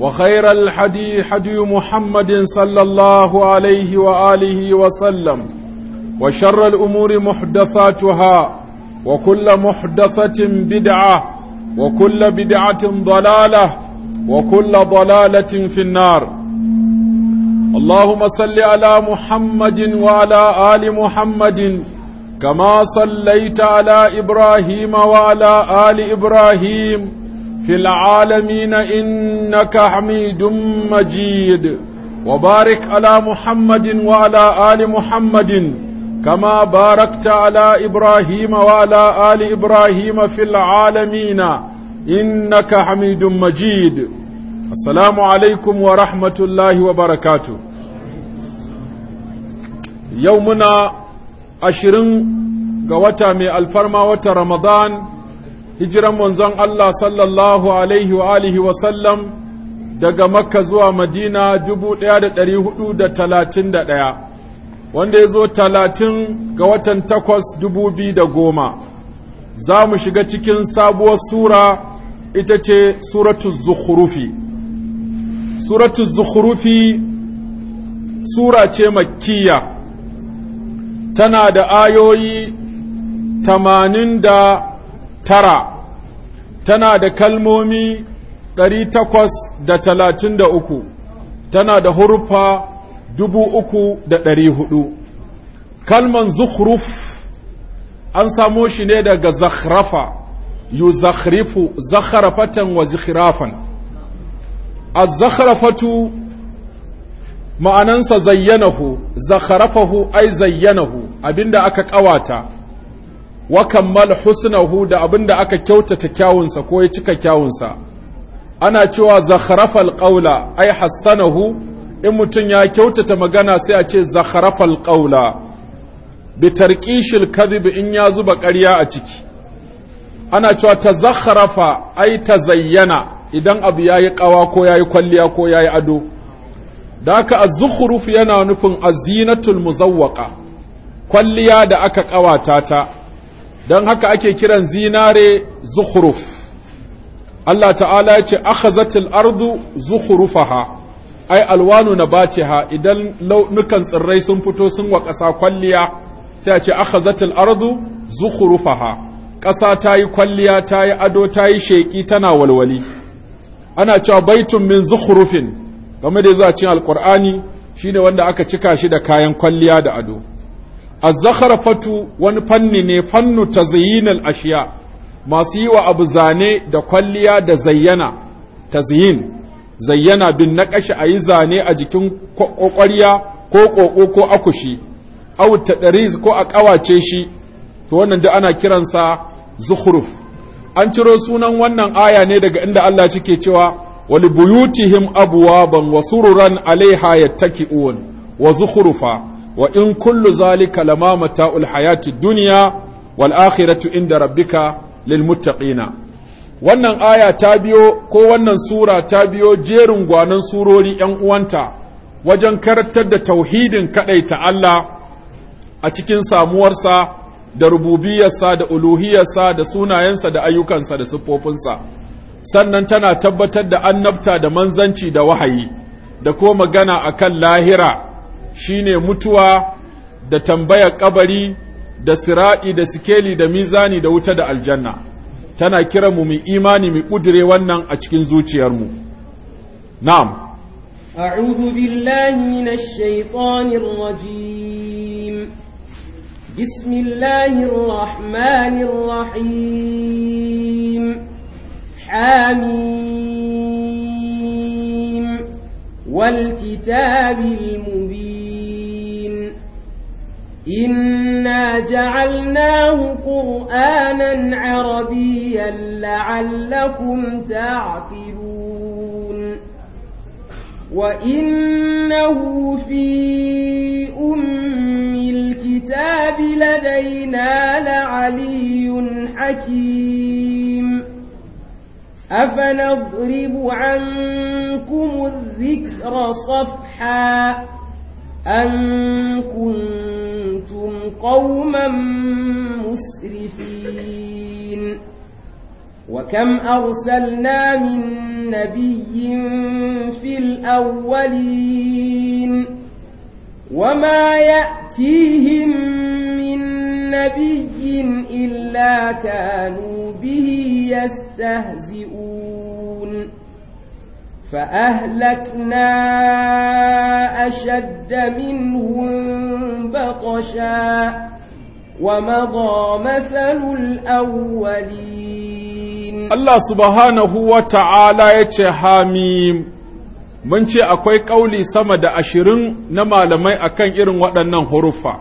وخير الحدي حدي محمد صلى الله عليه وآله وسلم وشر الأمور محدثاتها وكل محدثة بدعة وكل بدعة ضلالة وكل ضلالة في النار اللهم صل على محمد وعلى آل محمد كما صليت على إبراهيم وعلى آل إبراهيم في العالمين إنك حميد مجيد وبارك على محمد وعلى آل محمد كما باركت على إبراهيم وعلى آل إبراهيم في العالمين إنك حميد مجيد السلام عليكم ورحمة الله وبركاته يومنا عشرين قوتا من الفرما وترمضان رمضان hijiran manzon Allah sallallahu alaihi wa alihi wa sallam daga makka zuwa madina dubu ɗaya da ɗari hudu da talatin da ɗaya wanda ya zo talatin ga watan takwas dubu biyu da goma za mu shiga cikin sabuwar sura ita ce suratu zukhrufi suratu zukhrufi sura ce makkiya tana da ayoyi tamanin da tara tana da kalmomi ɗari takwas da talatin da uku tana da huruffa dubu uku da ɗari hudu kalman zukhruf an samo shi ne daga zakhrafa yu zakhrifu zakharafatan wa zikhrafan a zakharafatu ma'anansa zayyanahu zakharafahu ai zayyanahu abinda aka ƙawata wa kammal husnahu da abinda aka kyautata kyawunsa ko ya cika kyawunsa ana cewa zakharafal qawla ai hassanahu in mutum ya kyautata magana sai a ce zakharafal qawla bi tarqishil kadhib in ya zuba ƙarya a ciki ana cewa tazakharafa ai tazayyana idan abu yayi kawa ko yayi kwalliya ko yayi ado da haka az yana nufin azinatul muzawwaqa kwalliya da aka kawata ta don haka ake kiran zinare zukhruf Allah ta'ala ya ce akhazatil ardu zukhrufaha ai alwanu nabatiha idan launukan tsirrai sun fito sun wa ƙasa kwalliya sai a ce akhazatil ardu zukhrufaha ƙasa ta yi kwalliya ta yi ado ta yi sheƙi tana walwali ana cewa baitun min zukhrufin game da zuwa cikin alqur'ani shine wanda aka cika shi da kayan kwalliya da ado az wani fanni ne fannu tazyinal ashiya masu yi wa abu zane da kwalliya da zayyana tazyin zayyana bin naqashi ayi zane a jikin kokwarya ko ƙoƙo ko akushi aw tadriz ko a ƙawace shi to wannan da ana kiransa zuhruf. an ciro sunan wannan aya ne daga inda Allah cike cewa wali buyutihim abwaban wasururan sururan alaiha yattaki'un wa zuhrufa. wa in kullu zalika lama mata'ul hayati dunya wal akhiratu inda rabbika lil muttaqina wannan aya ta biyo ko wannan sura ta biyo jerin gwanan surori ‘yan uwanta wajen karantar da tauhidin kaɗaita Allah a cikin samuwarsa da rububiyarsa da uluhiyarsa da sunayensa da ayyukansa da siffofinsa sannan tana tabbatar da annabta da manzanci da wahayi da ko magana a kan lahira shine mutuwa da tambayar kabari da sira'i da sikeli da mizani da wuta da aljanna tana kira mu mu imani mu kudure wannan a cikin zuciyarmu na'am a'udhu billahi minash shaitanir rajim bismillahir rahmanir rahim hamim wal kitabil mubin إنا جعلناه قرآنا عربيا لعلكم تعقلون وإنه في أم الكتاب لدينا لعلي حكيم أفنضرب عنكم الذكر صفحا أن كنتم قوما مسرفين وكم أرسلنا من نبي في الأولين وما يأتيهم من نبي إلا كانوا به يستهزئون فأهلكنا أشد منهم بطشا ومضى مثل الأولين الله سبحانه وتعالى يتحاميم Mun ce akwai ƙauli sama da ashirin na malamai akan irin waɗannan huruffa,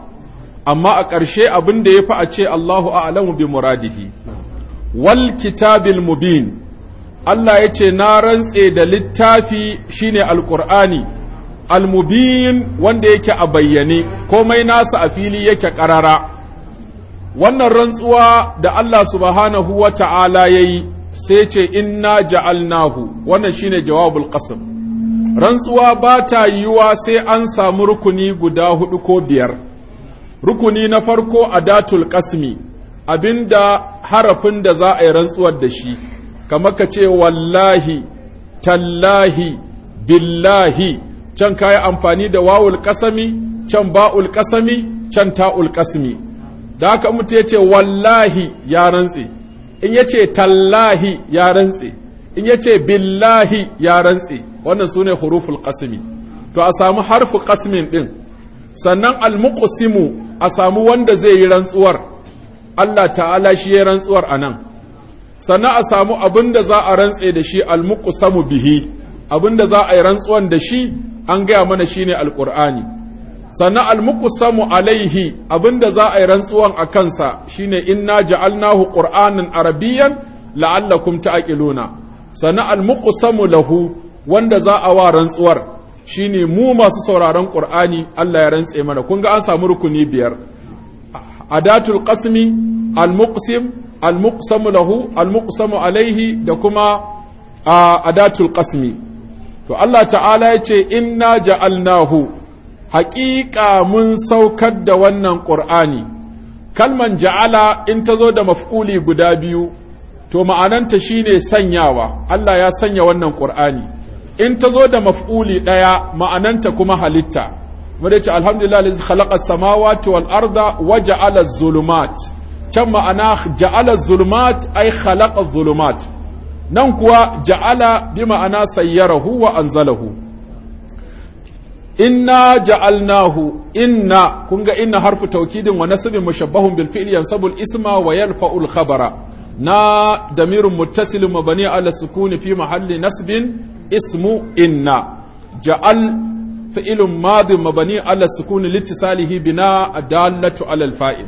amma a ƙarshe abin da ya fi a ce Allahu a'lamu bi muradihi. Wal kitabil mubin Allah ya ce na rantse da littafi shine Alkur'ani, almubin wanda yake a bayyane komai nasa a fili yake ƙarara wannan rantsuwa da Allah subhanahu wa ta'ala ya yi sai ce inna ja'alnahu wannan shine jawabul qasam rantsuwa ba ta yiwuwa sai an samu rukuni guda hudu ko biyar rukuni na farko a datul ƙasmi abinda harafin da za a yi rantsuwar da shi kamar ka ce wallahi tallahi billahi can ka yi amfani da wawul kasami can ba'ul kasami can ta'ul kasmi da haka mutu ya ce wallahi ya rantse in ya ce tallahi ya rantse in ya ce billahi ya rantse wannan su ne huruful kasmi to a samu harfu kasmin ɗin sannan almuqsimu a samu wanda zai yi rantsuwar Allah ta'ala shi ya rantsuwar a nan sannan a samu abin da za a rantse da shi samu bihi abin da za a yi rantsuwan da shi an gaya mana shi ne Alƙur'ani. sannan samu alaihi abin da za a yi rantsuwan a kansa shi shine inna ja'alnahu ƙur'anin arabiyan, la'allakum ta'qiluna sannan samu lahu wanda za a wa rantsuwar shi ne mu masu sauraron ƙur'ani Allah ya rantse mana kun ga an samu rukuni biyar adatul qasmi al-muqsim al lahu al-muqsam alaihi da kuma adatul qasmi to Allah ta'ala ya ce inna ja'alnahu haƙiƙa mun saukar da wannan ƙur'ani kalman ja'ala in ta zo da mafƙuli guda biyu to ma'ananta shine sanyawa Allah ya sanya wannan ƙur'ani in ta zo da maf'uli ɗaya ma'ananta kuma halitta kuma dai ce alhamdulillah lillahi khalaqa samawati wal arda wa ja'ala zulumat can ma'ana ja'ala zulumat ai khalaqa zulumat nan kuwa ja'ala bi ma'ana sayyarahu wa anzalahu inna ja'alnahu inna kun ga inna harfu taukidin wa nasbin mushabbahun bil fi'li yansabu al isma wa yarfa'u al khabara na damirun muttasilun mabani ala sukuni fi mahalli nasbin ismu inna ja'al fi'ilun madin mabani ala sukuni littisalihi bina adallatu ala alfa'il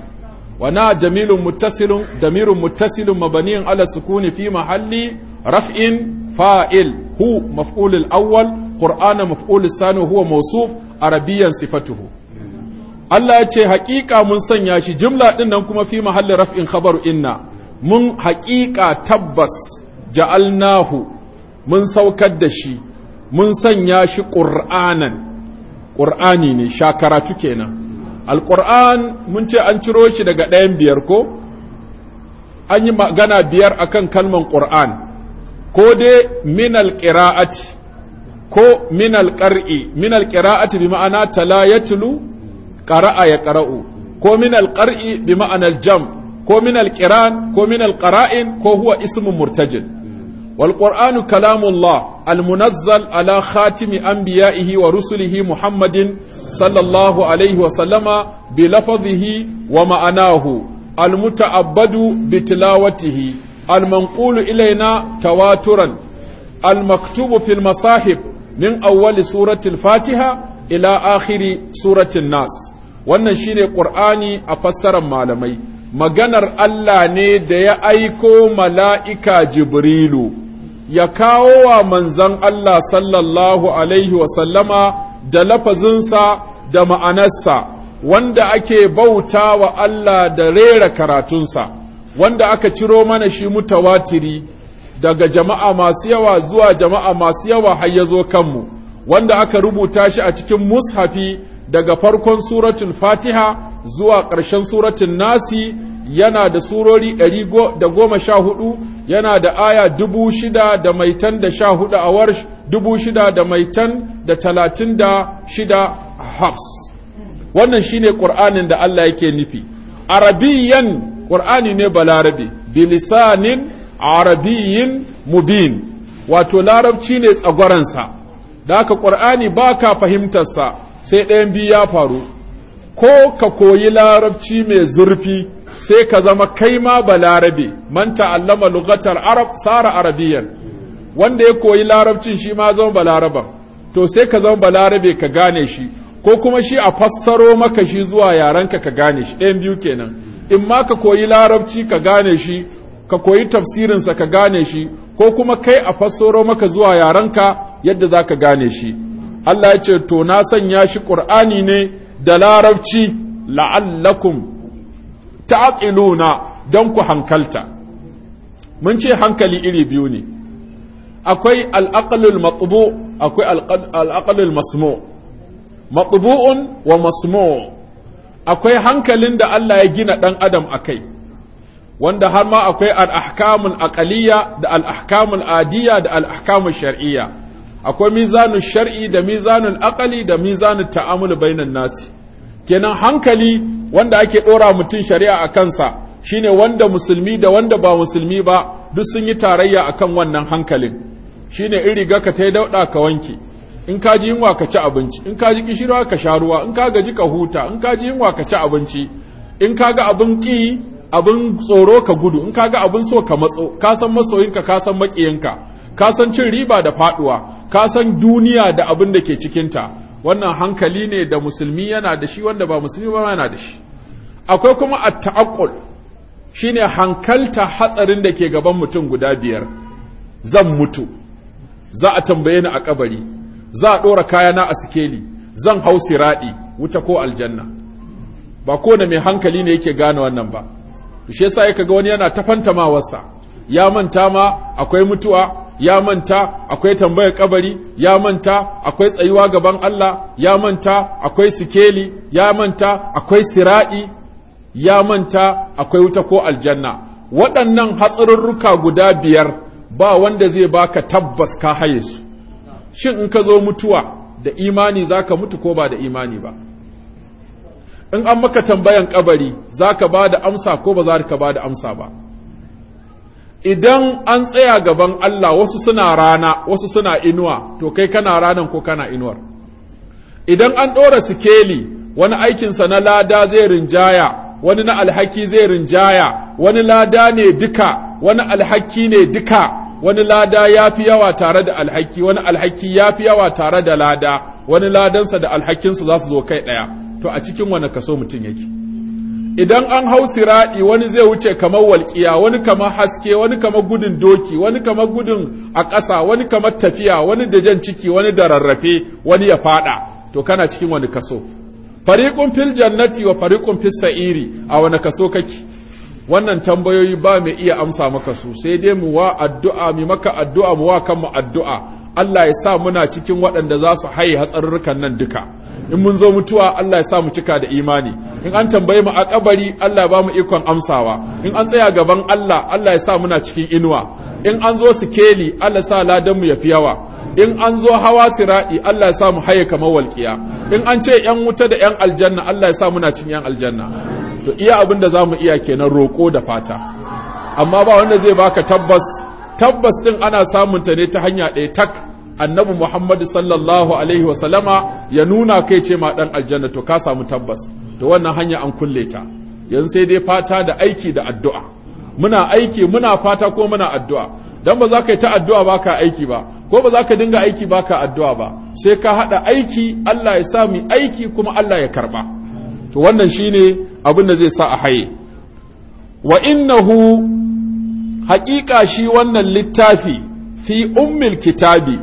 wana jamilun muttasilun damirun muttasilun mabaniyin ala sukuni fi mahalli raf'in fa'il hu maf'ulul awwal qur'ana maf'ulus sani huwa mawsuf arabiyan Allah ya ce haƙiƙa mun sanya shi jumla ɗin nan kuma fi mahalli raf'in khabaru inna mun haƙiƙa tabbas ja'alnahu mun saukar da shi mun sanya shi ƙur'anan ƙur'ani ne sha karatu kenan alƙur'an mun ce an ciro shi daga ɗayan biyar ko an yi magana biyar akan kalman ƙur'an ko dai minal ƙira'ati ko minal ƙar'i minal ƙira'ati bi ma'ana tala ya tulu ƙara'a ya ƙara'u ko minal ƙar'i bi ma'anar jam ko minal ƙiran ko minal ƙara'in ko huwa ismin murtajin والقرآن كلام الله المنزل على خاتم أنبيائه ورسله محمد صلى الله عليه وسلم بلفظه ومعناه المتعبد بتلاوته المنقول إلينا تواترا المكتوب في المصاحف من أول سورة الفاتحة إلى آخر سورة الناس wannan shine ƙur'ani a fassarar malamai maganar Allah ne da ya aiko mala'ika Jibrilu ya kawo wa manzan Allah sallallahu alaihi wasallama da lafazinsa da ma'anarsa wanda ake bauta wa Allah da rera karatunsa wanda aka ciro mana shi mutawatiri daga jama'a masu yawa zuwa jama'a masu yawa har ya zo kanmu wanda aka rubuta shi a cikin mushafi daga farkon suratun fatiha zuwa ƙarshen suratun nasi yana da surori ɗari da goma sha hudu yana da aya dubu shida da maitan da sha hudu a warsh dubu shida da maitan da talatin da shida a hafs wannan shine ƙur'anin da Allah yake nufi arabiyan ƙur'ani ne balarabe bilisanin arabiyin mubin wato larabci ne tsagwaransa da aka ƙur'ani ba ka fahimtarsa sai ɗayan biyu ya faru ko ka koyi larabci mai zurfi sai ka zama kai ma ba larabe man ta'allama lugatar arab sara arabiyan wanda ya koyi larabcin shi ma zama ba laraban to sai ka zama ba larabe ka gane shi ko kuma shi a fassaro maka shi zuwa yarenka ka gane shi ɗayan biyu kenan in ma ka koyi larabci ka gane shi ka koyi tafsirinsa ka gane shi ko kuma kai a fassaro maka zuwa yarenka yadda za ka gane shi Allah ya ce to na sanya shi ƙur'ani ne da larabci la'allakum ta'qiluna don ku hankalta mun ce hankali iri biyu ne akwai al'aqlul maqbu, akwai al'aqlul masmu matbu'un wa masmu akwai hankalin da Allah ya gina ɗan adam a kai, wanda har ma akwai al-ahkamul da al adiya, da al-ahkamul shar'iyya akwai mizanun shar'i da mizanun akali da mizanun ta'amul bainan nasi kenan hankali wanda ake ɗora mutum shari'a a kansa shine wanda musulmi da wanda ba musulmi ba duk sun yi tarayya akan wannan hankalin shine in riga ka tai yi dauɗa ka wanke in ka ji yunwa ka ci abinci in ka ji kishirwa ka sha ruwa in ka gaji ka huta in ka ji yunwa ka ci abinci in ka ga abin ƙi abin tsoro ka gudu in ka ga abin so ka matso ka san masoyinka ka san maƙiyinka ka san cin riba da faɗuwa ka san duniya da abin da ke cikinta wannan hankali ne da musulmi yana da shi wanda ba musulmi ba yana da shi akwai kuma at shi ne hankalta hatsarin da ke gaban mutum guda biyar zan mutu za a tambaye ni a kabari za a dora kayana a sikeli zan hau siradi wuta ko aljanna ba kowane mai hankali ne yake gane wannan ba shi yasa yake ga wani yana ta fantamawarsa ya manta ma akwai mutuwa ya manta akwai tambayar kabari ya manta akwai tsayuwa gaban Allah ya manta akwai sikeli ya manta akwai sira'i ya manta akwai wuta ko aljanna waɗannan hatsarurruka guda biyar ba wanda zai baka tabbas ka haye su shin in ka zo mutuwa da imani zaka mutu ko ba da imani ba in an maka tambayan kabari zaka ba da amsa ko ba za ka ba da amsa ba idan an tsaya gaban Allah wasu suna rana wasu suna inuwa to kai kana ranan ko kana inuwar idan an ɗora sikeli wani aikinsa na lada zai rinjaya wani na alhaki zai rinjaya wani lada ne duka wani alhaki ne duka wani lada ya fi yawa tare da alhaki wani alhaki ya fi yawa tare da lada wani ladansa da alhakinsa za su zo kai ɗaya to a cikin wani kaso mutum yake idan an hau siraɗi wani zai wuce kamar walƙiya wani kamar haske wani kamar gudun doki wani kamar gudun a ƙasa wani kamar tafiya wani da jan ciki wani da rarrafe wani ya faɗa to kana cikin wani kaso fariƙun fil jannati wa fariƙun fis sa'iri a wani kaso kake wannan tambayoyi ba mai iya amsa maka su sai dai mu wa addu'a mu maka addu'a mu wa kanmu addu'a Allah ya sa muna cikin waɗanda za su haye hatsarurrukan nan duka in mun zo mutuwa Allah ya sa mu cika da imani in an tambaye mu a kabari Allah ba mu ikon amsawa in an tsaya gaban Allah Allah ya sa muna cikin inuwa in an zo sikeli Allah sa ladan mu fi yawa in an zo hawa sira'i Allah ya sa mu haye kamar walƙiya in an ce yan wuta da yan aljanna Allah ya sa muna cikin yan aljanna to iya abin da zamu iya kenan roko da fata amma ba wanda zai baka tabbas tabbas din ana ta ne ta hanya ɗaya tak annabi Muhammad sallallahu alaihi sallama ya nuna kai ce ma dan aljanna to ka samu tabbas da wannan hanya an kulle ta yanzu sai dai fata da aiki da addu'a muna aiki muna fata ko muna addu'a dan ba za ka yi ta addu'a ba ka aiki ba ko ba za ka dinga aiki ba ka addu'a ba sai ka haɗa aiki Allah ya sa mu aiki kuma Allah ya karɓa to wannan shine abin da zai sa a haye wa innahu haƙiƙa shi wannan littafi fi ummil kitabi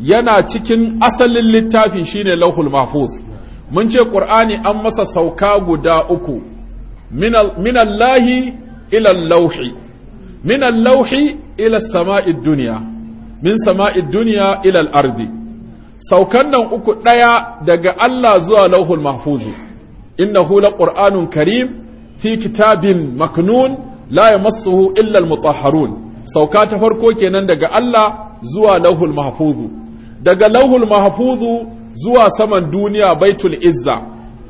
yana cikin asalin littafi shine lauhul mahfuz mun ce ƙur'ani an masa sauka guda uku minallahi ila lauhi minan lauhi ila sama'id duniya min sama'id duniya ila al'ardi saukan nan uku ɗaya daga Allah zuwa lauhul mahfuzu innahu la ƙur'anun karim fi kitabin maknun la yamassuhu illa al sauka ta farko kenan daga Allah zuwa lauhul mahfuzu daga lauhul mahfuzu zuwa saman duniya baitul izza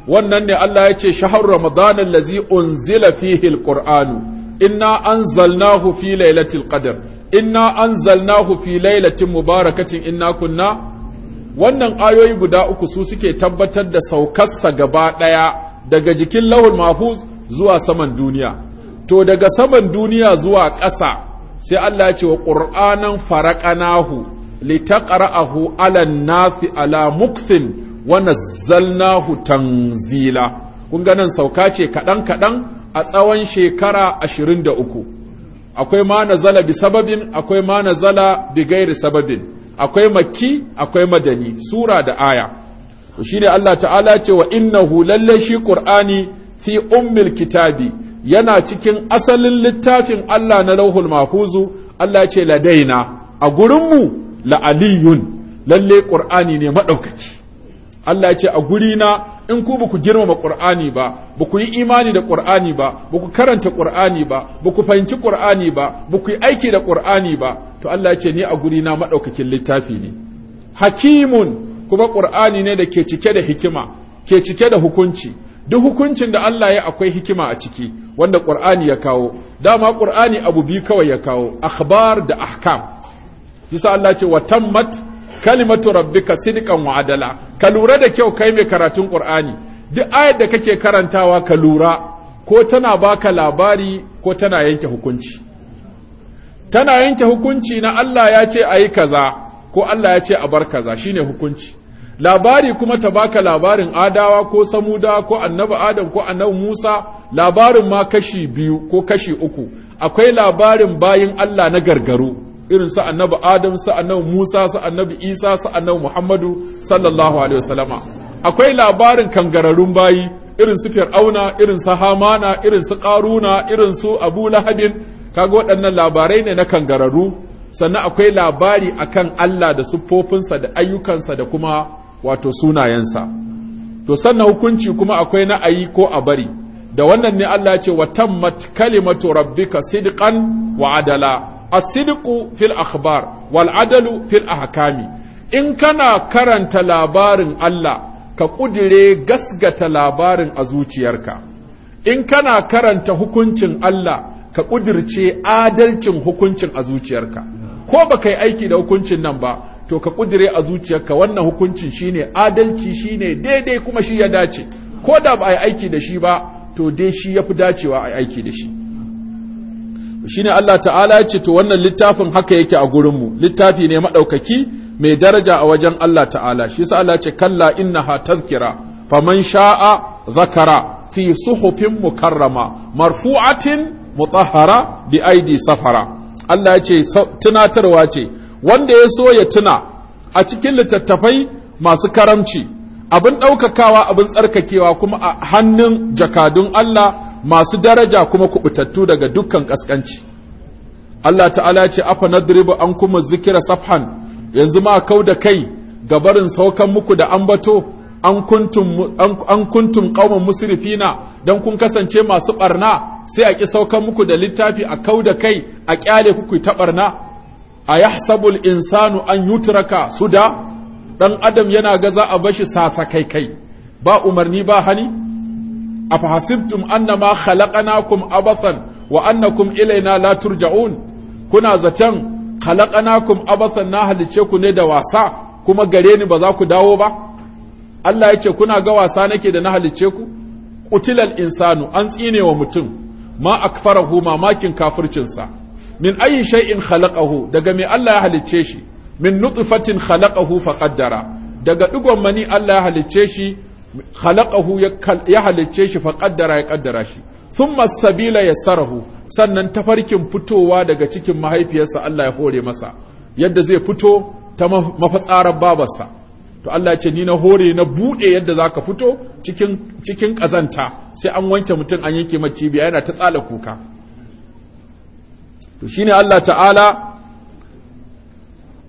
wannan ne Allah ya ce shahar ramadan allazi unzila fihi alqur'anu inna anzalnahu fi laylatil qadr inna anzalnahu fi lailatin mubarakatin inna kunna wannan ayoyi guda uku su suke tabbatar da saukarsa gaba daya daga jikin lahul mahfuz zuwa saman duniya to daga saman duniya zuwa ƙasa sai Allah ya ce wa qur'anan faraqanahu litaqra'ahu 'ala an-nasi ala muksin wa nazzalnahu kun ga nan sauka ce kaɗan kaɗan a tsawon shekara uku. akwai ma nazala bi sababin akwai ma nazala bi gairi sababin akwai makki akwai madani sura da aya to shine Allah ta'ala ce wa innahu lalle shi qur'ani fi ummil kitabi yana cikin asalin littafin Allah na lauhul mahuzu Allah ce ladaina a gurinmu la'aliyun lalle qur'ani ne madaukaki Allah ya ce a guri na in ku baku girmama qur'ani ba buku yi imani da qur'ani ba buku karanta qur'ani ba ku fahimci qur'ani ba buku yi aiki da qur'ani ba to Allah ya ce ni a guri na madaukakin littafi ne hakimun kuma qur'ani ne da ke cike da hikima ke cike da hukunci duk hukuncin da Allah ya akwai hikima a ciki wanda qur'ani ya kawo dama qur'ani abu biyu kawai ya kawo akhbar da ahkam yasa Allah ce wa tammat kalimatu rabbika sidqan wa adala ka lura da kyau kai mai karatun Qur'ani duk ayar da kake karantawa ka lura ko tana baka labari ko tana yanke hukunci tana yanke hukunci na Allah ya ce ayi kaza ko Allah ya ce a bar kaza shine hukunci labari kuma ta baka labarin adawa ko samuda ko annabi adam ko annabi musa labarin ma kashi biyu ko kashi uku akwai labarin bayin allah na gargaro irin su annabi adam su annabi musa su annabi isa su annabi muhammadu sallallahu alaihi wasallama akwai labarin kangararrun bayi irin su fir'auna irin su hamana irin su karuna irin su abu lahabin kaga waɗannan labarai ne na kangararru sannan akwai labari akan allah da siffofinsa da ayyukansa da kuma wato sunayensa to sannan hukunci kuma akwai na ayi ko a bari da wannan ne allah ce wa tammat kalimatu rabbika sidqan wa adala asidiku fil akhbar wal adalu fil ahkami in kana karanta labarin Allah ka kudire gasgata labarin a zuciyarka in kana karanta hukuncin Allah ka kudirce adalcin hukuncin a zuciyarka ko baka yi aiki da hukuncin nan ba to ka kudire a zuciyarka wannan hukuncin shine adalci shine daidai kuma shi ya dace ko da ba a yi aiki da shi ba to dai shi ya fi dacewa a yi aiki da shi shine Allah ta'ala ya ce to wannan littafin haka yake a gurinmu littafi ne maɗaukaki mai daraja a wajen Allah ta'ala shi sa Allah ce kalla inna ha tazkira faman sha'a zakara fi suhufin mukarrama marfu'atin mutahhara bi aidi safara Allah ya ce tunatarwa ce wanda ya so ya tuna a cikin littattafai masu karamci abin ɗaukakawa abin tsarkakewa kuma a hannun jakadun Allah masu daraja kuma kubutattu daga dukkan kaskanci Allah ta'ala ce afa nadribu an kuma zikira safhan yanzu ma kau da kai gabarin saukan muku da ambato an kuntum an kuntum qauman musrifina dan kun kasance masu barna sai a ki saukan muku da littafi a kau da kai a kyale ku ta barna yahsabul insanu an yutraka suda dan adam yana ga za a bashi sasa kai kai ba umarni ba hani afahasibtum annama khalaqnakum abasan wa annakum ilaina la turja'un kuna zaton khalaqnakum abasan na halice ku ne da wasa kuma gare ni ba za ku dawo ba Allah ya ce kuna ga wasa nake da na halice ku qutilal insanu an tsine wa mutum ma akfarahu mamakin kafircinsa min ayi shay'in khalaqahu daga me Allah ya halicce shi min nutfatin khalaqahu faqaddara daga digon mani Allah ya halicce shi khalaqahu ya halicce shi fa qaddara ya qaddara shi thumma sabila yassarahu sannan tafarkin fitowa daga cikin mahaifiyarsa Allah ya hore masa yadda zai fito ta mafatsarar babarsa to Allah ce ni na hore na bude yadda zaka fito cikin cikin kazanta sai an wanke mutum an yanke mace biya yana ta tsala kuka to shine Allah ta'ala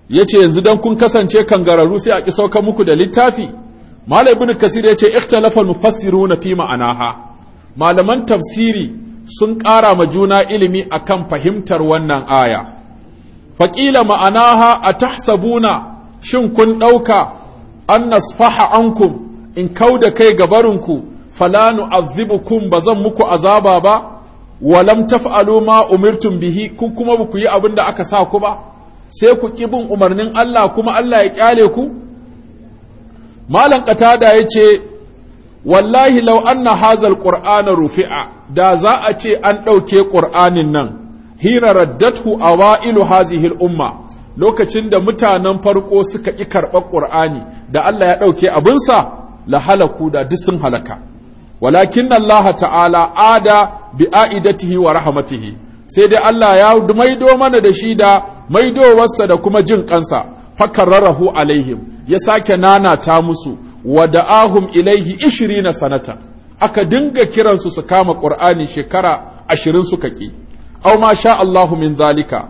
yace yanzu dan kun kasance kangararu sai a ki sauka muku da littafi Malam ibn Kasir ya ce ikhtalafa mufassiruna fi ma'anaha malaman tafsiri sun ƙara ma juna ilimi akan fahimtar wannan aya faƙila ma'anaha a tahsabuna shin kun ɗauka an nasfaha ankum in kau da kai gabarinku falanu azibukum ba zan muku azaba ba walam taf'alu ma umirtum bihi ku kuma ba ku yi abin da aka sa ku ba sai ku ƙi bin umarnin Allah kuma Allah ya ƙyale ku malam qatada ce wallahi law anna hazal qur'ana rufi'a da za a ce an ɗauke qur'anin nan hina raddathu awailu hazihi al-umma lokacin da mutanen farko suka ƙi karɓar ƙur'ani da Allah ya ɗauke abinsa la halaku da duk sun halaka walakin Allah ta'ala ada bi aidatihi wa rahmatihi sai dai Allah ya maido mana da shi da maidowarsa da kuma jin kansa fakarrarahu alaihim ya sake nana ta musu wa da'ahum ilaihi na sanata aka dinga kiransu su kama ƙur'ani shekara ashirin suka ƙi au ma sha Allahu min zalika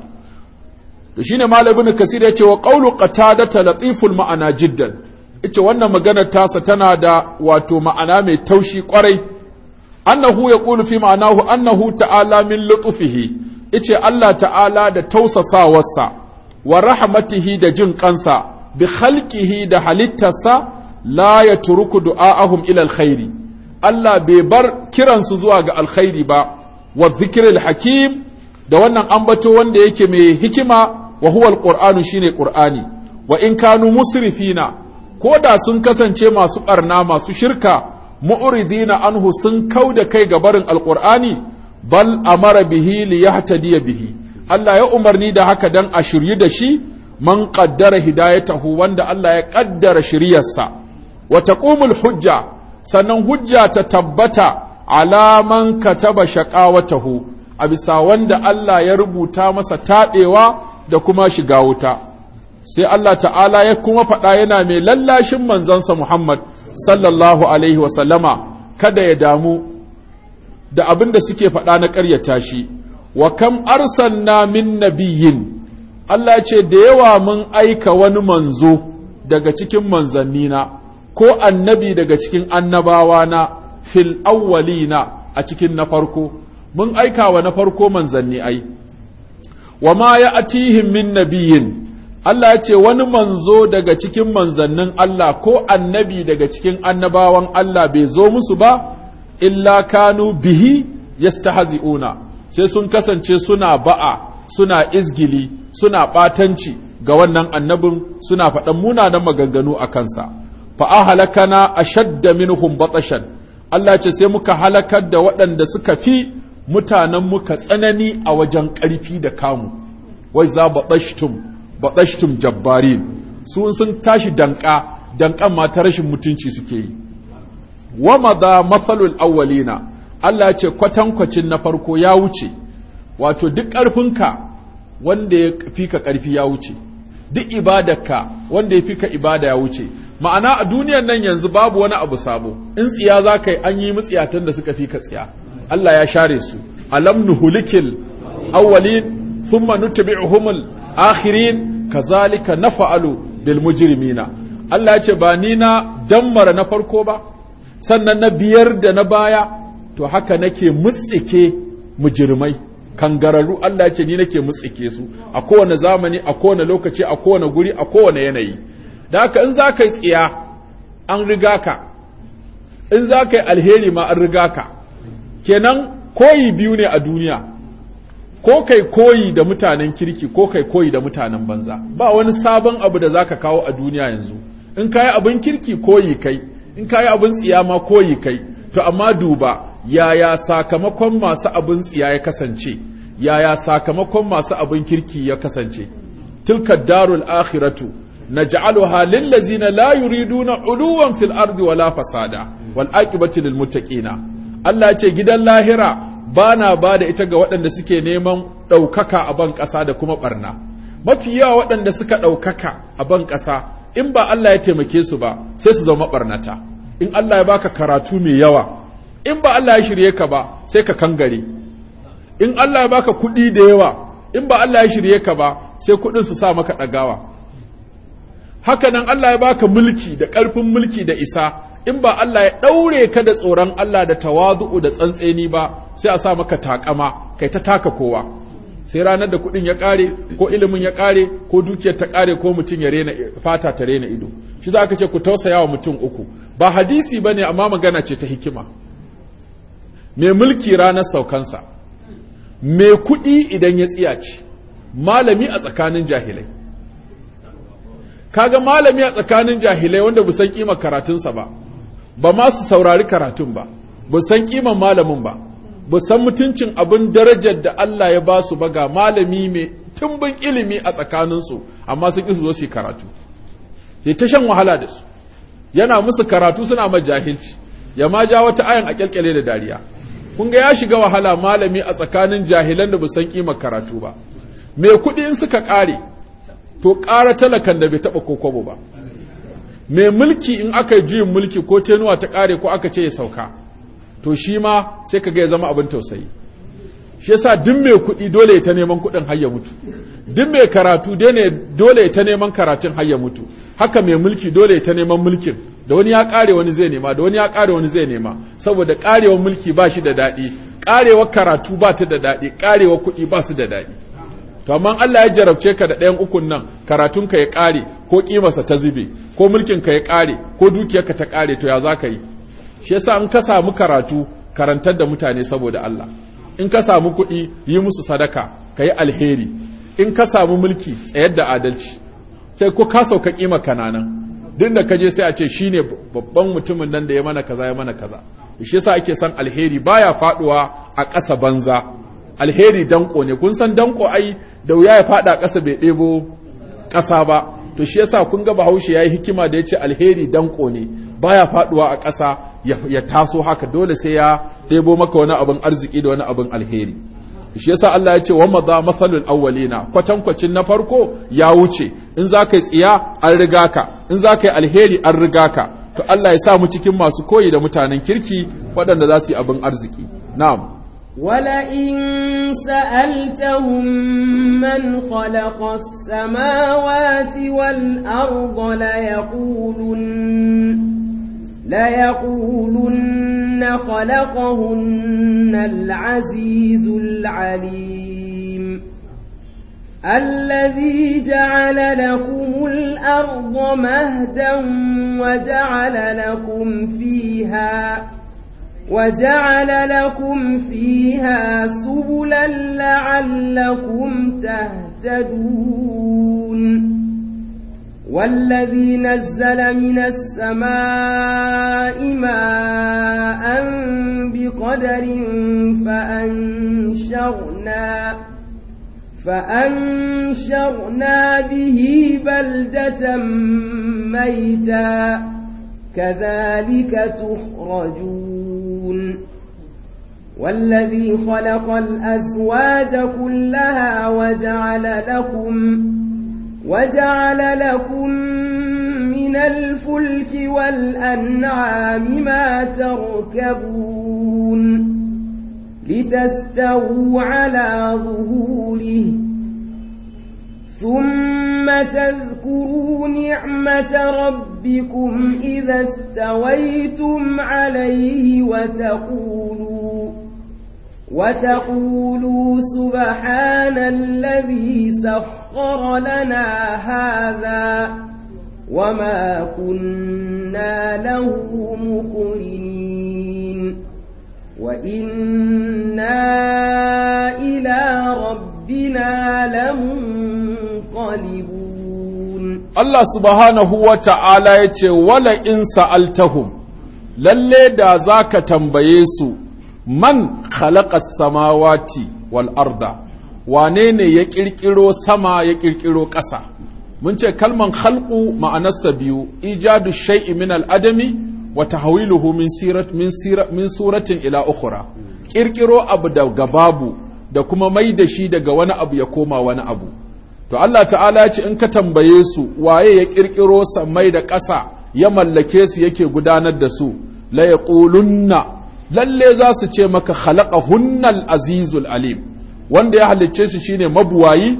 to shine malam ibn kasir yace wa qawlu qatada latiful ma'ana jiddan yace wannan maganar tasa tana da wato ma'ana mai taushi kwarai annahu yaqulu fi ma'anahu annahu ta'ala min lutfihi yace Allah ta'ala da tausasawarsa wa rahmatihi da jin kansa bi khalqihi da halittarsa la ya turuku du'a'ahum ila alkhairi Allah bai bar kiransu zuwa ga alkhairi ba wa zikril hakim da wannan ambato wanda yake mai hikima wa huwa alqur'anu shine qur'ani wa in kanu musrifina ko da sun kasance masu barna masu shirka mu'ridina anhu sun kauda kai ga barin alqur'ani bal amara bihi liyahtadiya bihi Allah ya umarni da haka dan a shiryu da shi man qaddara hidayatahu wanda Allah ya ƙaddara shiryarsa wa taqumul hujja sannan hujja ta tabbata ala man kataba shaqawatahu a bisa wanda Allah ya rubuta masa taɓewa da kuma shiga wuta sai Allah ta'ala ya kuma faɗa yana mai lallashin manzansa Muhammad sallallahu alaihi sallama kada ya damu da abinda suke faɗa na ƙaryata shi wa kam arsalna min nabiyyin Allah ce da yawa mun aika wani manzo daga cikin manzannina ko annabi daga cikin annabawana fil awwalina a cikin na farko mun aika wa na farko manzanni ai wa ma ya atihim min nabiyin Allah ce wani manzo daga cikin manzannin Allah ko annabi daga cikin annabawan Allah bai zo musu ba illa kanu bihi yastahzi'una sai sun kasance suna ba'a suna izgili suna ɓatanci ga wannan annabin suna faɗan munanan maganganu a kansa fa a shadda minhum batashan Allah ce sai muka halakar da waɗanda suka fi mutanen muka tsanani a wajen ƙarfi da kamu wai za baɗashtum baɗashtum jabbarin su sun tashi danƙa, danƙan ma ta rashin mutunci suke yi wa maza matsalul awwalina Allah ce kwatankwacin na farko ya wuce wato duk ƙarfinka wanda ya fi ka ƙarfi ya wuce duk ibadarka wanda ya fi ka ibada ya wuce ma'ana a duniyar nan yanzu babu wani abu sabo in tsiya za ka yi an yi mutsiyatan da suka fi ka tsiya Allah ya share su alam nuhulikil awwalin thumma nutbi'uhumul akhirin kazalika nafa'alu bil mujrimina Allah ya ce ba ni na dammara na farko ba sannan na biyar da na baya to haka nake mutsike mujrimai kangararru Allah ce ni nake mutsike su a kowane zamani a kowane lokaci a kowane guri a kowane yanayi da haka in za ka yi tsiya an riga ka in za ka yi alheri ma an riga ka kenan koyi biyu ne a duniya ko kai koyi da mutanen kirki ko kai koyi da mutanen banza ba wani sabon abu da za ka kawo a duniya yanzu in ka yi abin kirki koyi kai in ka yi abin tsiya ma koyi kai to amma duba yaya sakamakon masu abin tsiya ya kasance yaya sakamakon masu abin kirki ya kasance tilka darul akhiratu naj'aluha lil ladzina la yuriduna uluwan fil ardi wala fasada wal aqibatu lil muttaqina Allah ya ce gidan lahira bana bada ita ga waɗanda suke neman ɗaukaka a ban ƙasa da kuma barna mafi yawa waɗanda suka ɗaukaka a ban ƙasa in ba Allah ya taimake su ba sai su zama barnata in Allah ya baka karatu mai yawa in ba Allah ya shirye ka ba sai ka kangare in Allah ya baka kuɗi da yawa in ba Allah ya shirye ka ba sai kuɗin su sa maka ɗagawa haka nan Allah ya baka mulki da ƙarfin mulki da isa in ba Allah ya ɗaure ka da tsoron Allah da tawazu'u da tsantseni ba sai a sa maka takama kai ta taka kowa sai ranar da kuɗin ya ƙare ko ilimin ya ƙare ko dukiyar ta ƙare ko mutum ya rena fata ta rena ido shi za ka ce ku tausaya wa mutum uku ba hadisi ba ne amma magana ce ta hikima mai mulki ranar saukansa mai kuɗi idan ya tsiya ce, malami a tsakanin jahilai kaga malami a tsakanin jahilai wanda busan kima karatunsa ba ba ma su saurari karatun ba busan san kiman malamin ba busan mutuncin abin darajar da Allah ya ba su ba ga malami mai tumbin ilimi a tsakaninsu amma sun ƙi su zo su karatu ya ta shan wahala da su yana musu karatu suna ma jahilci ya ma ja wata ayan a kyalkyale da dariya kun ga ya shiga wahala malami a tsakanin jahilan da san kima karatu ba me kuɗi in suka kare to ƙara talakan da bai taɓa ko kwabo ba me mulki in aka yi juyin mulki ko tenuwa ta kare ko aka ce ya sauka to shi ma sai ka ga ya zama abin tausayi shi yasa duk mai kuɗi dole ya ta neman kuɗin har ya mutu duk mai karatu dole ya ta neman karatun har ya mutu haka mai mulki dole ta neman mulkin da wani ya kare wani zai nema da wani ya kare wani zai nema saboda karewar mulki ba shi da daɗi karewar karatu ba ta da daɗi karewar kuɗi ba su da daɗi to amma Allah ya jarabce ka da ɗayan ukun nan karatun ka ya kare ko kimarsa ta zube ko mulkin ka ya kare ko ka ta kare to ya za ka yi shi yasa in ka samu karatu karantar da mutane saboda Allah in ka samu kuɗi yi musu sadaka ka yi alheri in ka samu mulki tsayar da adalci sai ko ka sauka kima kananan duk da kaje sai a ce shine babban mutumin nan da ya mana kaza ya mana kaza shi yasa ake san alheri baya faduwa a ƙasa banza alheri danko ne kun san danko ai da wuya ya fada ƙasa bai ɗebo ƙasa ba to shi yasa kun ga Bahaushe yayi hikima da yace alheri danko ne baya faduwa a ƙasa ya taso haka dole sai ya ɗebo maka wani abin arziki da wani abin alheri shi yasa Allah ya ce wa madha masalul awwalina kwatankwacin na farko ya wuce in za ka yi tsiya an riga ka in za ka yi alheri an riga ka to Allah ya sa mu cikin masu koyi da mutanen kirki waɗanda za su yi abin arziki na'am ولئن سألتهم من خلق السماوات والأرض ليقولن ليقولن خلقهن العزيز العليم الذي جعل لكم الأرض مهدا وجعل لكم فيها وجعل لكم فيها سبلا لعلكم تهتدون والذي نزل من السماء ماء بقدر فأنشرنا فأنشرنا به بلدة ميتا كذلك تخرجون والذي خلق الأزواج كلها وجعل لكم وجعل لكم من الفلك والأنعام ما تركبون لتستووا على ظهوره ثم تذكروا نعمة ربكم إذا استويتم عليه وتقولوا وتقولوا سبحان الذي سخر لنا هذا وما كنا له مقرنين وإنا إلى ربنا لمنقلبون الله سبحانه وتعالى yace, wala إن سألتهم lalle da zaka tambaye su man khalaqa samawati wal arda wane ne ya ƙirƙiro sama ya ƙirƙiro ƙasa mun ce kalman khalqu ma'anarsa biyu ijadu shay'i min al adami wa tahwiluhu min sirat min sirat min suratin ila ukhra kirkiro abu ga babu da kuma mai da shi daga wani abu ya koma wani abu to Allah ta'ala ya ce in ka tambaye su waye ya kirkiro mai da ƙasa ya mallake su yake gudanar da su la yaqulunna lalle za su ce maka khalaqahunnal azizul alim wanda ya halicce shi shine mabuwayi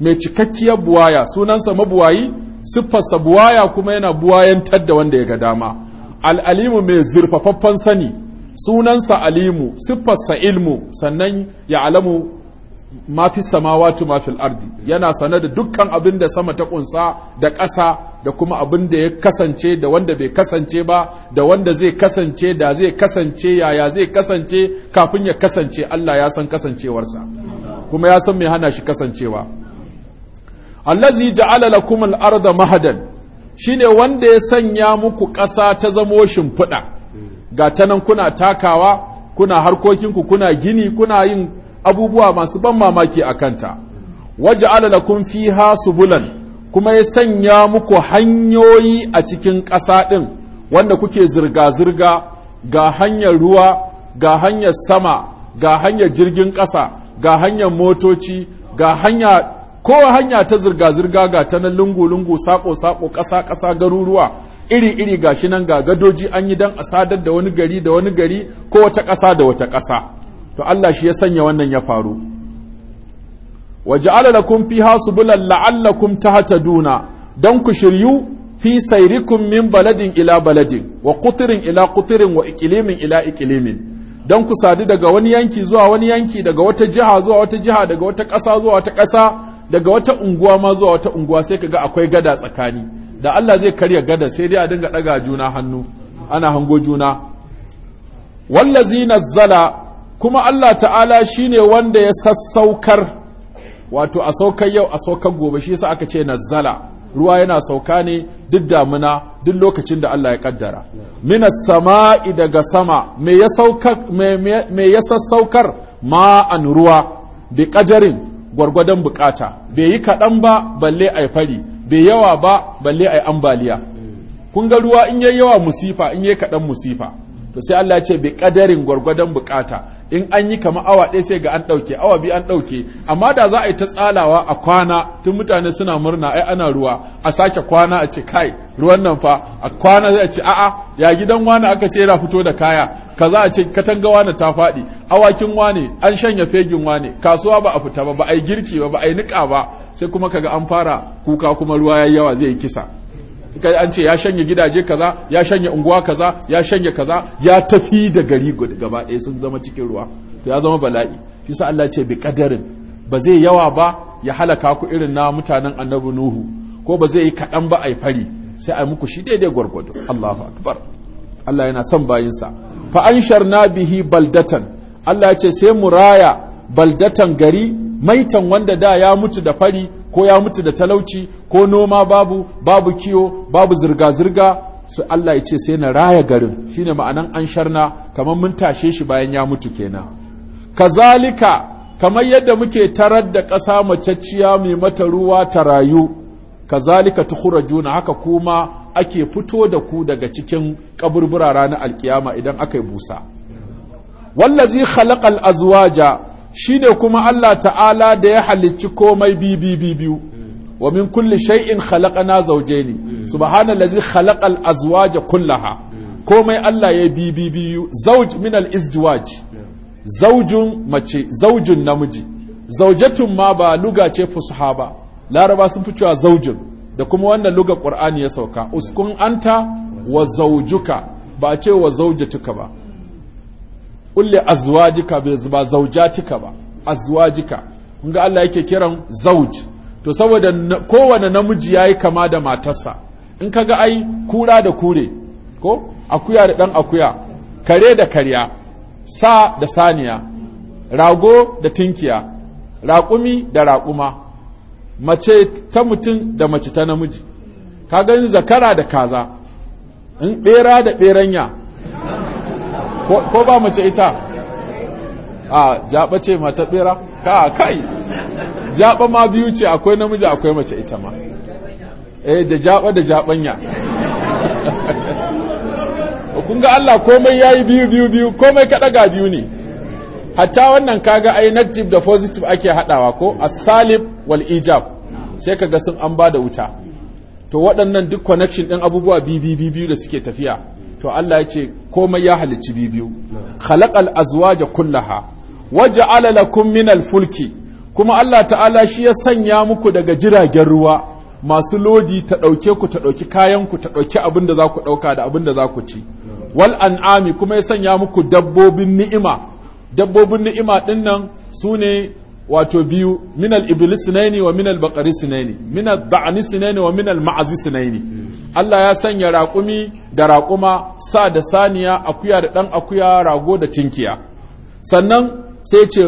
mai cikakkiyar buwaya sunansa mabuwayi siffarsa buwaya kuma yana buwayantar da wanda ya ga dama al'alimu mai zirfafaffen sani sunansa alimu siffarsa ilmu sannan ya alamu mafi samawatu mafi ardi yana sane da dukkan abin da sama ta kunsa da ƙasa da kuma abin da ya kasance da wanda bai kasance ba da wanda zai kasance da zai kasance yaya zai kasance kafin ya kasance Allah ya san kasancewarsa kuma ya san mai hana shi kasancewa allazi ja'ala lakum al-arda mahadan shine wanda ya sanya muku ƙasa ta zamo shimfiɗa ga ta nan kuna takawa kuna harkokinku kuna gini kuna yin abubuwa masu ban mamaki a kanta waje alala alalakun fiha bulan kuma ya sanya muku hanyoyi a cikin ƙasa ɗin wanda kuke zirga-zirga ga hanyar ruwa ga hanyar sama ga hanyar jirgin ƙasa ga hanyar motoci ga hanya Kowa hanya ta zirga-zirga ga ta na lungu-lungu sako-sako ƙasa-ƙasa garuruwa iri-iri ga shi nan ga gadoji an yi don a sadar da wani gari da wani gari ko wata ƙasa da wata ƙasa to Allah shi ya sanya wannan ya faru wa ja'ala lakum fiha subulan la'allakum tahtaduna dan ku shiryu fi sayrikum min baladin ila baladin wa qutrin ila qutrin wa iqlimin ila iqlimin don ku sadu daga wani yanki zuwa wani yanki daga wata jiha zuwa wata jiha daga wata ƙasa zuwa wata ƙasa daga wata unguwa ma zuwa wata unguwa sai ka ga akwai gada tsakani da Allah zai karya gada sai dai a dinga ɗaga juna hannu ana hango juna wallazi nazzala kuma Allah ta'ala shine wanda ya sassaukar wato a saukar yau a saukar gobe shi yasa aka ce nazzala ruwa yana sauka ne duk damuna duk lokacin da Allah ya kaddara minas sama'i daga sama me ya sassaukar ma'an ruwa bi kajarin gwargwadon bukata bai yi kaɗan ba balle ai fari bai yawa ba balle ai ambaliya kun ga ruwa in yayi yawa musifa in yayi kaɗan musifa to sai Allah ya ce bi kadarin gwargwadon bukata in an yi kama awa ɗaya sai ga an ɗauke awa biyu an ɗauke amma da za a yi ta tsalawa a kwana tun mutane suna murna ai ana ruwa a sake kwana a ce kai ruwan nan fa a kwana zai ce a'a ya gidan wani aka ce yana fito da kaya kaza a ce katanga wani ta faɗi awakin wani an shanya fegin wani kasuwa ba a fita ba ba a yi girki ba ba a yi niƙa ba sai kuma kaga an fara kuka kuma ruwa yayi yawa zai yi kisa kai an ce ya shanye gidaje kaza ya shanye unguwa kaza ya shanye kaza ya tafi da gari gaba ɗaya sun zama cikin ruwa to ya zama bala'i shi sa Allah ce bi kadarin ba zai yawa ba ya halaka ku irin na mutanen annabi nuhu ko ba zai yi kaɗan ba a fari sai a muku shi daidai gwargwado Allahu akbar Allah yana son bayinsa fa ansharna bihi baldatan Allah ya ce sai mu raya baldatan gari maitan wanda da ya mutu da fari ko ya mutu da talauci ko noma babu babu kiyo babu zirga-zirga su so Allah ya ce sai na raya garin shine ma'anan an sharna kamar mun tashe shi bayan ya mutu kenan kazalika kamar yadda muke tarar da ƙasa macacciya mai mata ruwa ta rayu kazalika juna haka kuma ake fito da ku daga cikin kaburbura ranar alkiyama idan aka yi busa wallazi khalaqal azwaja shi ne kuma Allah ta'ala da ya halicci komai bi-bi-bi biyu wa min kulli shay'in khalaqana zawjaini mm. subhanallazi khalaqal azwaja kullaha komai Allah ya bi biyu zawj min al izdiwaj zawjun mace zawjun namiji zaujatun ma ba luga ce fusaha ba laraba sun fice cewa zaujin da kuma wannan luga qur'ani ya sauka uskun anta wa zaujuka ba ce wa zaujatuka ba kulle azwajika bai zuba zaujatika ba azwajika kun ga Allah yake kiran zauj to saboda kowane namiji yayi kama da matarsa in kaga ai kura da kure ko akuya da dan akuya kare da karya sa da saniya rago da tinkiya raƙumi da raƙuma mace ta mutum da mace ta namiji ka gani zakara da kaza in ɓera da ɓeranya ko ba mace ita a jaɓa ce mata ɓera ka kai jaɓa ma biyu ce akwai namiji akwai mace ita ma eh da jaɓa da jaɓanya kun ga Allah komai yayi biyu biyu biyu komai ka ɗaga biyu ne hatta wannan kaga ai negative da positive ake haɗawa ko a salib wal ijab sai kaga sun an ba da wuta to waɗannan duk connection ɗin abubuwa bi biyu biyu da suke tafiya to Allah ya ce komai ya halicci biyu khalaqal azwaja kullaha waja'ala lakum minal fulki kuma Allah ta'ala shi ya sanya muku daga jiragen ruwa masu lodi ta ɗauke ku ta ɗauki kayan ku ta ɗauki abin da za ku ɗauka da abin da za ku ci wal an'ami kuma ya sanya muku dabbobin ni'ima dabbobin ni'ima dinnan sune wato biyu minal iblis sinaini wa minal baqari sinaini minal ba'ani sinaini wa minal ma'azi sinaini Allah ya sanya raƙumi da raƙuma sa da saniya akuya da ɗan akuya rago da tinkiya sannan sai ce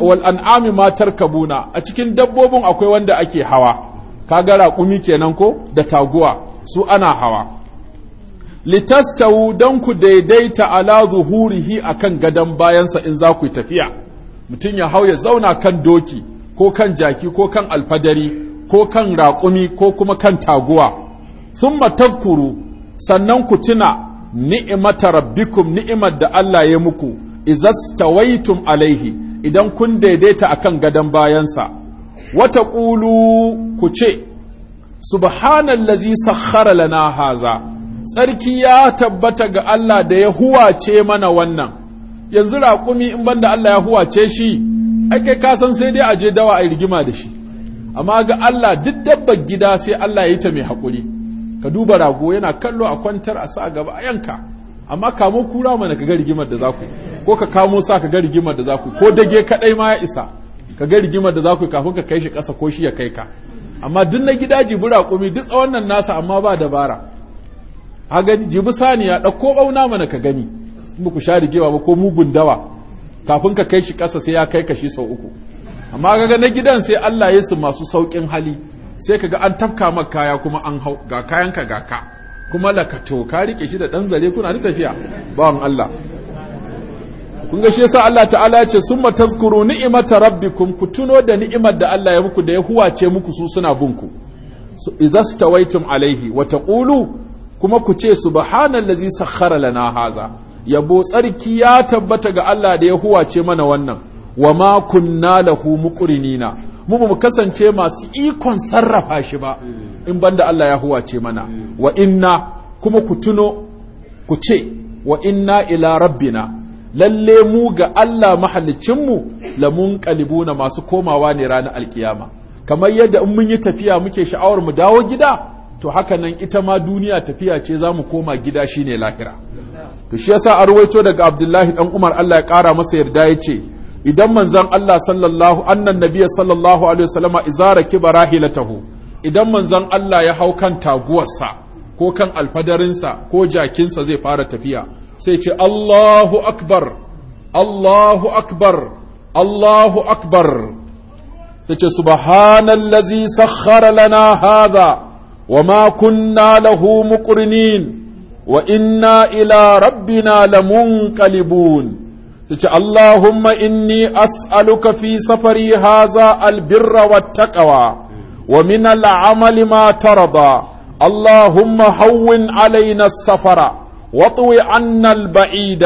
wal an'ami ma tarkabuna a cikin dabbobin akwai wanda ake hawa kaga raƙumi kenan ko da taguwa su ana hawa litastawu dan ku daidaita ala zuhurihi akan gadan bayansa in za ku tafiya mutum ya hau ya zauna kan doki ko kan jaki ko kan alfadari ko kan raƙumi ko kuma kan taguwa sun tafkuru sannan ku tuna ni'imata rabbikum ni'imar da Allah ya muku izastawaitum alaihi idan kun daidaita a kan gadon bayansa wata ƙulu ku ce subhanallazi sakhara lana haza tsarki ya tabbata ga Allah da ya huwace mana wannan yanzu raƙumi in banda Allah ya huwace shi ake kasan sai dai a je dawa a rigima da shi amma ga Allah duk dabbar gida sai Allah ya yi ta mai haƙuri ka duba rago yana kallo a kwantar a sa gaba a yanka amma kamo kura mana ka ga rigimar da za ko ka kamo sa ka ga rigimar da za ko dage kaɗai ma ya isa ka ga rigimar da za kafin ka kai shi ƙasa ko shi ya kai ka amma duk na gida jibi raƙumi duk tsawon nan nasa amma ba dabara a gani jibi saniya ɗauko ɓauna mana ka gani ba ku sha gewa ba ko mugun dawa kafin ka kai shi ƙasa sai ya kai ka shi sau uku amma kaga na gidan sai Allah ya su masu sauƙin hali sai ka ga an tafka maka kaya kuma an hau ga kayanka ga ka kuma lakato ka rike shi da ɗan zare kuna da tafiya bawan Allah kun ga shi yasa Allah ta'ala ya ce summa tazkuru ni'imata rabbikum ku tuno da ni'imar da Allah ya muku da ya huwace muku su suna ku so idza stawaitum alaihi wa taqulu kuma ku ce subhanallazi sakhkhara lana haza yabo tsarki ya tabbata ga Allah da ya huwace mana wannan wa ma kunna lahu muqrinina mu mu kasance masu ikon sarrafa shi ba mm. in banda Allah ya huwace mana mm. wa inna kuma ku tuno ku ce wa inna ila rabbina lalle mu ga Allah mu lamun kalibuna masu komawa ne ranar alkiyama kamar yadda in mun yi tafiya muke sha'awar mu dawo gida to haka nan ita ma duniya tafiya ce za mu koma gida shine lahira to shi yasa a ruwaito daga abdullahi dan umar Allah ya kara masa yarda ya ce idan manzon Allah sallallahu annan nabiyya sallallahu alaihi wasallama izara kibara hilatahu idan manzon Allah ya hau kan taguwarsa ko kan alfadarinsa ko jakinsa zai fara tafiya sai ce Allahu akbar Allahu akbar Allahu akbar tace subhanallazi sakhkhara lana hadha ma kunna lahu muqrinin wa inna ila rabbina lamunqalibun tace Allahumma inni as'aluka fi safari haza albirra wattaqwa wa min al'amali ma tarda اللهم هون علينا السفر واطوي عنا البعيد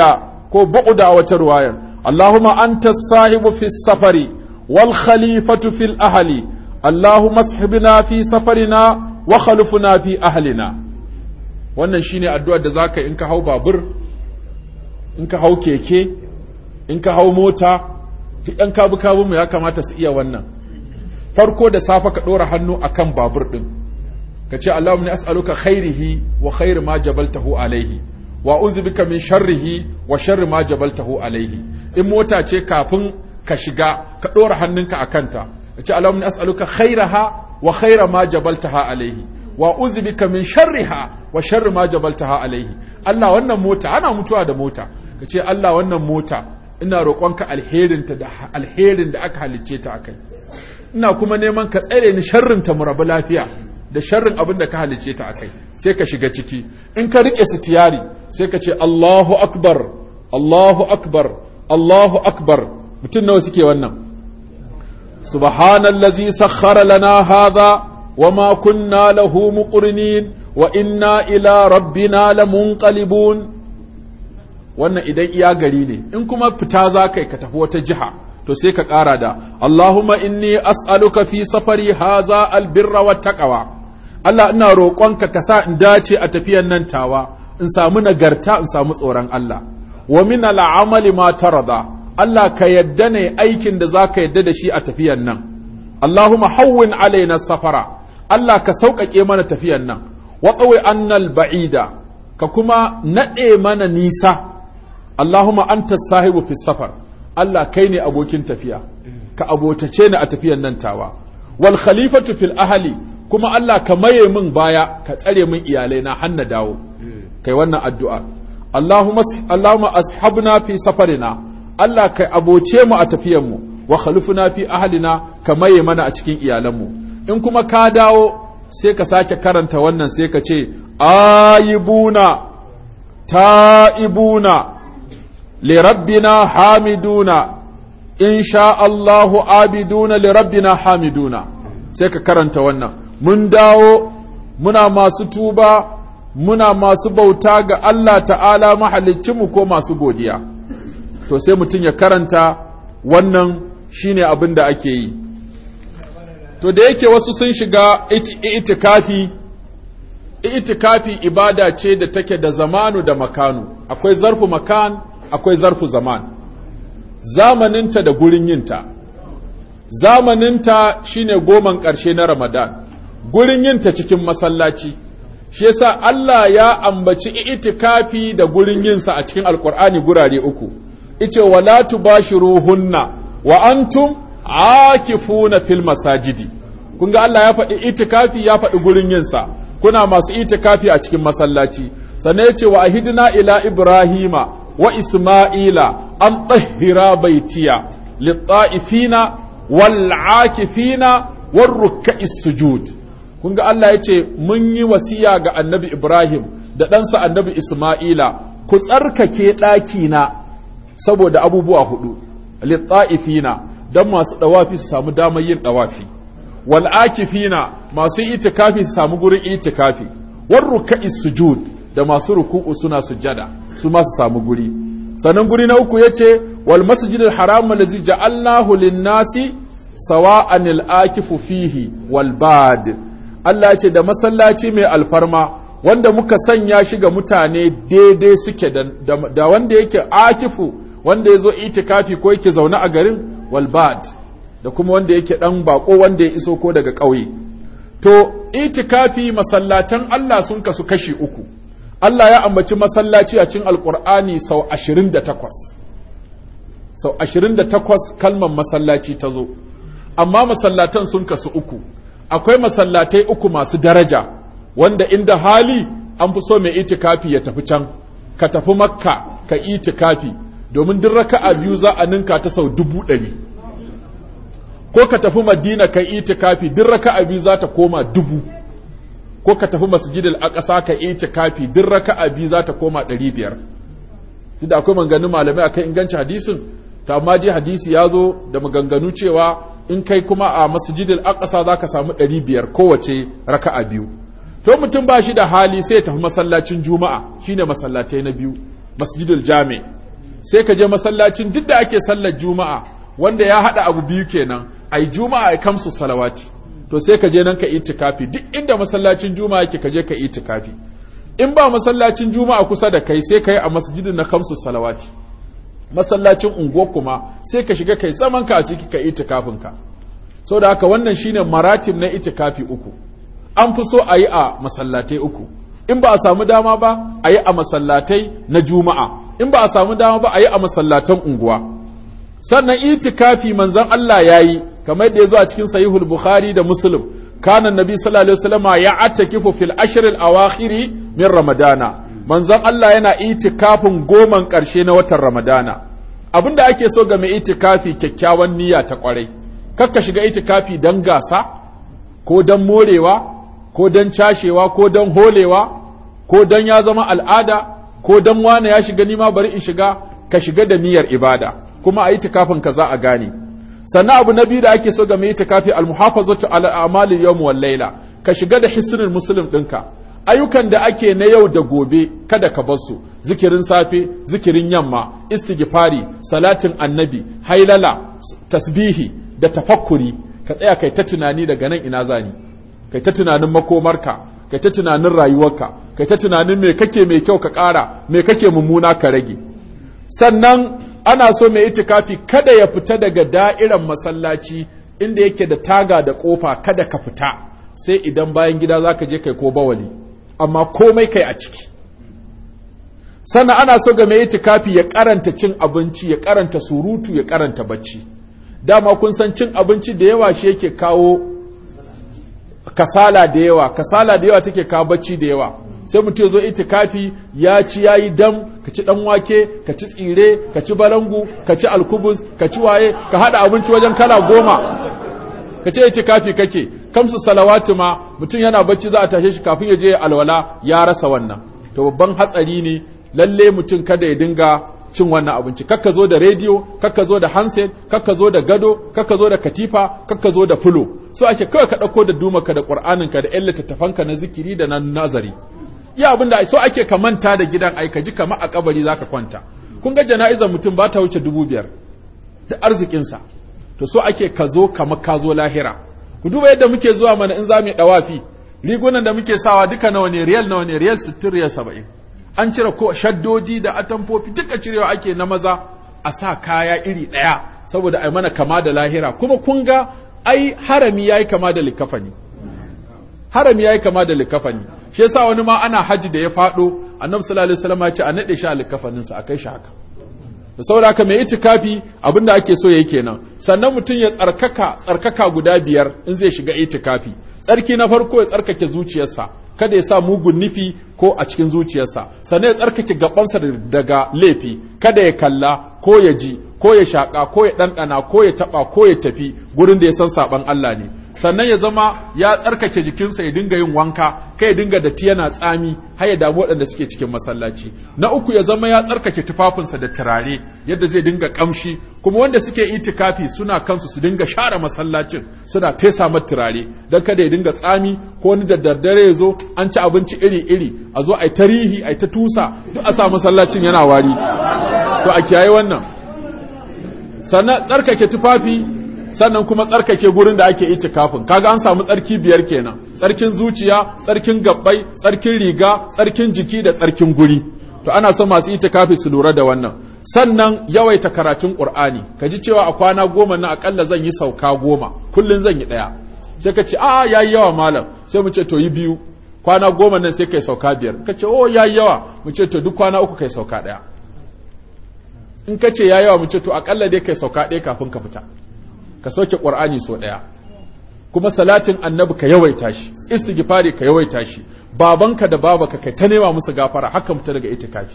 كو بعد وترواية اللهم أنت الصاحب في السفر والخليفة في الأهل اللهم اسحبنا في سفرنا وخلفنا في أهلنا wannan shine addu'ar da zaka in ka hau babur in ka hau keke in ka hau mota duk ɗan kabu kabu mu ya kamata su iya wannan farko da safa ka ɗora hannu akan babur ɗin ka ce Allahumma ni as'aluka khairihi wa khairi ma jabaltahu alaihi wa uzubika min sharrihi wa sharri ma jabaltahu alaihi in mota ce kafin ka shiga ka ɗora hannunka a kanta ka ce Allahumma ni as'aluka khairaha wa khaira ma jabaltaha alaihi wa uzbika min sharriha wa sharri ma jabaltaha alaihi Allah wannan mota ana mutuwa da mota kace Allah wannan mota ina roƙonka alherin ta da alherin da aka halicce ta akai ina kuma neman ka tsare ni sharrin ta rabu lafiya da sharrin abin da ka halicce ta akai sai ka shiga ciki in ka rike sitiyari sai ka ce Allahu akbar Allahu akbar Allahu akbar mutum nawa suke wannan subhanallazi sakhkhara lana hadha وما كنا له مقرنين وإنا إلى ربنا لمنقلبون wannan idan iya gari ne in kuma fita za ka ka tafi wata jiha to sai ka ƙara da Allahumma inni as'aluka fi safari haza albirra wa taqwa Allah ina roƙonka ka sa in dace a tafiyan nan tawa in samu nagarta in samu tsoron Allah wa min al'amali ma tarada Allah ka yadda ne aikin da za ka yadda da shi a tafiyan nan Allahumma hawwin alaina safara Allah ka sauƙaƙe mana tafiyan nan wa tsawe annal ba'ida ka kuma naɗe mana nisa Allahumma anta sahibu fi safar Allah kai ne abokin tafiya ka abotace ni a tafiyan nan tawa wal khalifatu fil ahli kuma Allah ka maye min baya ka tsare min iyalai na hanna dawo kai wannan addu'a Allahumma Allahumma ashabna fi safarina Allah kai aboce mu a tafiyan mu wa khalifuna fi ahlina ka maye mana a cikin iyalan mu in kuma ka dawo sai ka sake karanta wannan sai ka ce ayibuna ta'ibuna lirabbina hamiduna in sha Allahu abiduna lirabbina hamiduna sai ka karanta wannan mun dawo muna masu tuba muna masu bauta ga Allah ta'ala mu ko masu godiya to sai mutum ya karanta wannan shine abin da ake yi to da yake wasu sun shiga itikafi itikafi ibada ce da take da zamanu da makanu akwai zarfu makan akwai zarfu zaman zamaninta da gurin yinta zamaninta shine goman ƙarshe na ramadan gurin yinta cikin masallaci shi yasa Allah ya ambaci itikafi da gurin yinsa a cikin alkur'ani gurare uku ice wala tubashiruhunna wa antum akifuna fil masajidi kun ga Allah ya faɗi itikafi ya faɗi gurin yinsa kuna masu itikafi a cikin masallaci sannan ya ce wa ahidna ila ibrahima wa isma'ila an tahira baitiya lit-ta'ifina wal-akifina war-ruk'is sujud kun ga Allah ya ce mun yi wasiya ga annabi Ibrahim da ɗansa annabi Ismaila ku tsarkake ɗakina saboda abubuwa hudu litta'ifina don masu ɗawafi su samu damar yin ɗawafi wal akifina masu itikafi su samu gurin itikafi war ruka'i sujud da masu ruku'u suna sujada su ma su samu guri sannan guri na uku yace wal masjidil haram allazi ja'alnahu lin-nasi sawa'an al-akifu fihi wal bad Allah ce da masallaci mai alfarma wanda muka sanya shi ga mutane daidai suke da, wanda yake akifu wanda ya zo itikafi ko yake zaune a garin walbad da kuma wanda yake dan bako wanda ya iso ko daga ƙauye to itikafi masallatan Allah sun kasu kashi uku Allah ya ambaci masallaci a cikin alqur'ani sau ashirin 28 sau ashirin da takwas kalmar masallaci ta zo amma masallatan sun kasu uku akwai masallatai uku masu daraja wanda inda hali an fi so mai itikafi ya tafi can ka tafi makka ka itikafi domin duk raka'a biyu za a ninka ta sau dubu ɗari ko ka tafi madina ka itikafi duk raka'a biyu za ta koma dubu ko ka tafi masjidil aqsa ka itikafi duk raka'a biyu za ta koma biyar. tunda akwai maganganun malamai akan inganci hadisin to amma dai hadisi ya zo da maganganu cewa in kai kuma a masjidil aqsa za ka samu biyar kowace raka'a biyu to mutum ba shi da hali sai ya tafi masallacin juma'a shine masallatai na biyu masjidil jami sai ka je masallacin duk da ake sallar juma'a wanda ya haɗa abu biyu kenan ai juma'a ai kamsu salawati to sai ka je nan ka itikafi duk inda masallacin juma'a yake ka je ka itikafi in ba masallacin juma'a kusa da kai sai ka yi a masjidin na kamsu salawati masallacin unguwa kuma sai ka shiga kai zaman ka a ciki ka itikafin ka so da haka wannan shine maratib na itikafi uku an fi so a yi a masallatai uku in ba a samu dama ba a yi a masallatai na juma'a in ba a samu dama ba a yi a masallatan unguwa sannan itikafi manzon Allah yayi. kamar da ya zo a cikin sahihul bukhari da muslim kana nabi sallallahu alaihi wasallam ya atakifu fil ashr al awakhiri min ramadana manzon Allah yana itikafin goman karshe na watan ramadana abinda ake so ga mai itikafi kyakkyawan niyya ta kwarai kakka shiga itikafi dan gasa ko dan morewa ko dan cashewa ko dan holewa ko dan ya zama al'ada ko dan wane ya shiga nima bari in shiga ka shiga da niyyar ibada kuma a itikafin ka za a gane sannan abu na biyu da ake so ga maita kafi almuhafazatu ala amali yawm wal layla ka shiga da hisnul muslim dinka ayyukan da ake na yau da gobe kada ka bar su zikirin safe zikirin yamma istighfari salatin annabi hailala tasbihi da tafakkuri ka tsaya kai ta tunani daga nan ina zani kai ta tunanin makomarka kai ta tunanin rayuwarka kai ta tunanin me kake mai kyau ka kara me kake mummuna ka rage sannan ana so mai itikafi kada ya fita daga da'iran masallaci inda yake da taga da kofa kada ka fita sai idan bayan gida za ka je kai ko bawali amma komai kai a ciki sannan ana so ga mai itikafi ya karanta cin abinci ya karanta surutu ya karanta bacci dama kun san cin abinci da yawa shi yake kawo kasala da yawa kasala da yawa take kawo bacci da yawa sai mutum ya zo kafi ya ci yayi dam ka ci dan wake ka ci tsire ka ci balangu ka ci alkubus ka ci waye ka hada abinci wajen kala goma ka ce kafi kake kamsu salawatu ma mutum yana bacci za a tashe shi kafin ya je alwala ya rasa wannan to babban hatsari ne lalle mutum kada ya dinga cin wannan abinci kakka zo da rediyo kakka zo da handset kakka zo da gado kakka zo da katifa kakka zo da fulo so ake kawai ka dauko da dumaka da qur'aninka da ƴan littattafanka na zikiri da na nazari iya abin da so ake ka manta da gidan ai ka ji kamar a kabari zaka kwanta kun ga jana'izar mutum ba ta wuce dubu biyar da arzikinsa to so ake ka zo kamar ka zo lahira ku duba yadda muke zuwa mana in za mu dawafi rigunan da muke sawa duka nawa ne riyal nawa ne riyal 60 riyal 70 an cire ko shaddodi da atamfofi duka cirewa ake na maza a sa kaya iri daya saboda ai mana kama da lahira kuma kun ga ai harami yayi kama da likafani harami yayi kama da likafani shi yasa wani ma ana haji da ya faɗo annabi sallallahu alaihi wasallam ya ce a nade shi alkafanin sa akai shi haka da saboda ka mai itikafi abinda ake so yake kenan sannan mutum ya tsarkaka tsarkaka guda biyar in zai shiga itikafi tsarki na farko ya tsarkake zuciyarsa kada ya sa mugun nufi ko a cikin zuciyarsa sannan ya tsarkake gabansa daga laifi kada ya kalla ko ya ji ko ya shaƙa ko ya ɗanɗana ko ya taɓa ko ya tafi gurin da ya san saɓan Allah ne sannan ya zama ya tsarkake jikinsa ya dinga yin wanka kai ya dinga datti yana tsami har ya damu waɗanda suke cikin masallaci na uku ya zama ya tsarkake tufafinsa da turare yadda zai dinga kamshi kuma wanda suke itikafi suna kansu su dinga share masallacin suna fesa mata turare don kada ya dinga tsami ko wani da daddare ya zo an ci abinci iri-iri a zo ai yi tarihi a ta tusa duk a sa masallacin yana wari to a kiyaye wannan sannan tsarkake tufafi sannan kuma tsarkake gurin da ake itikafin kaga an samu tsarki biyar kenan tsarkin zuciya tsarkin gabbai tsarkin riga tsarkin jiki da tsarkin guri to ana son masu ita kafi su lura da wannan sannan yawaita karatun qur'ani ka ji cewa a kwana goma na akalla zan yi sauka goma kullun zan yi daya sai ka ce a yayi yawa malam sai mu ce to yi biyu kwana goma nan sai kai sauka biyar ka ce oh yayi yawa mu ce to duk kwana uku kai sauka daya in ka ce yayi yawa mu ce to akalla dai kai sauka daya kafin ka fita ka sauke qur'ani sau ɗaya. kuma salatin annabi ka yawaita shi istighfari ka yawaita shi babanka da babaka kai ta nema musu gafara haka fita daga itikafi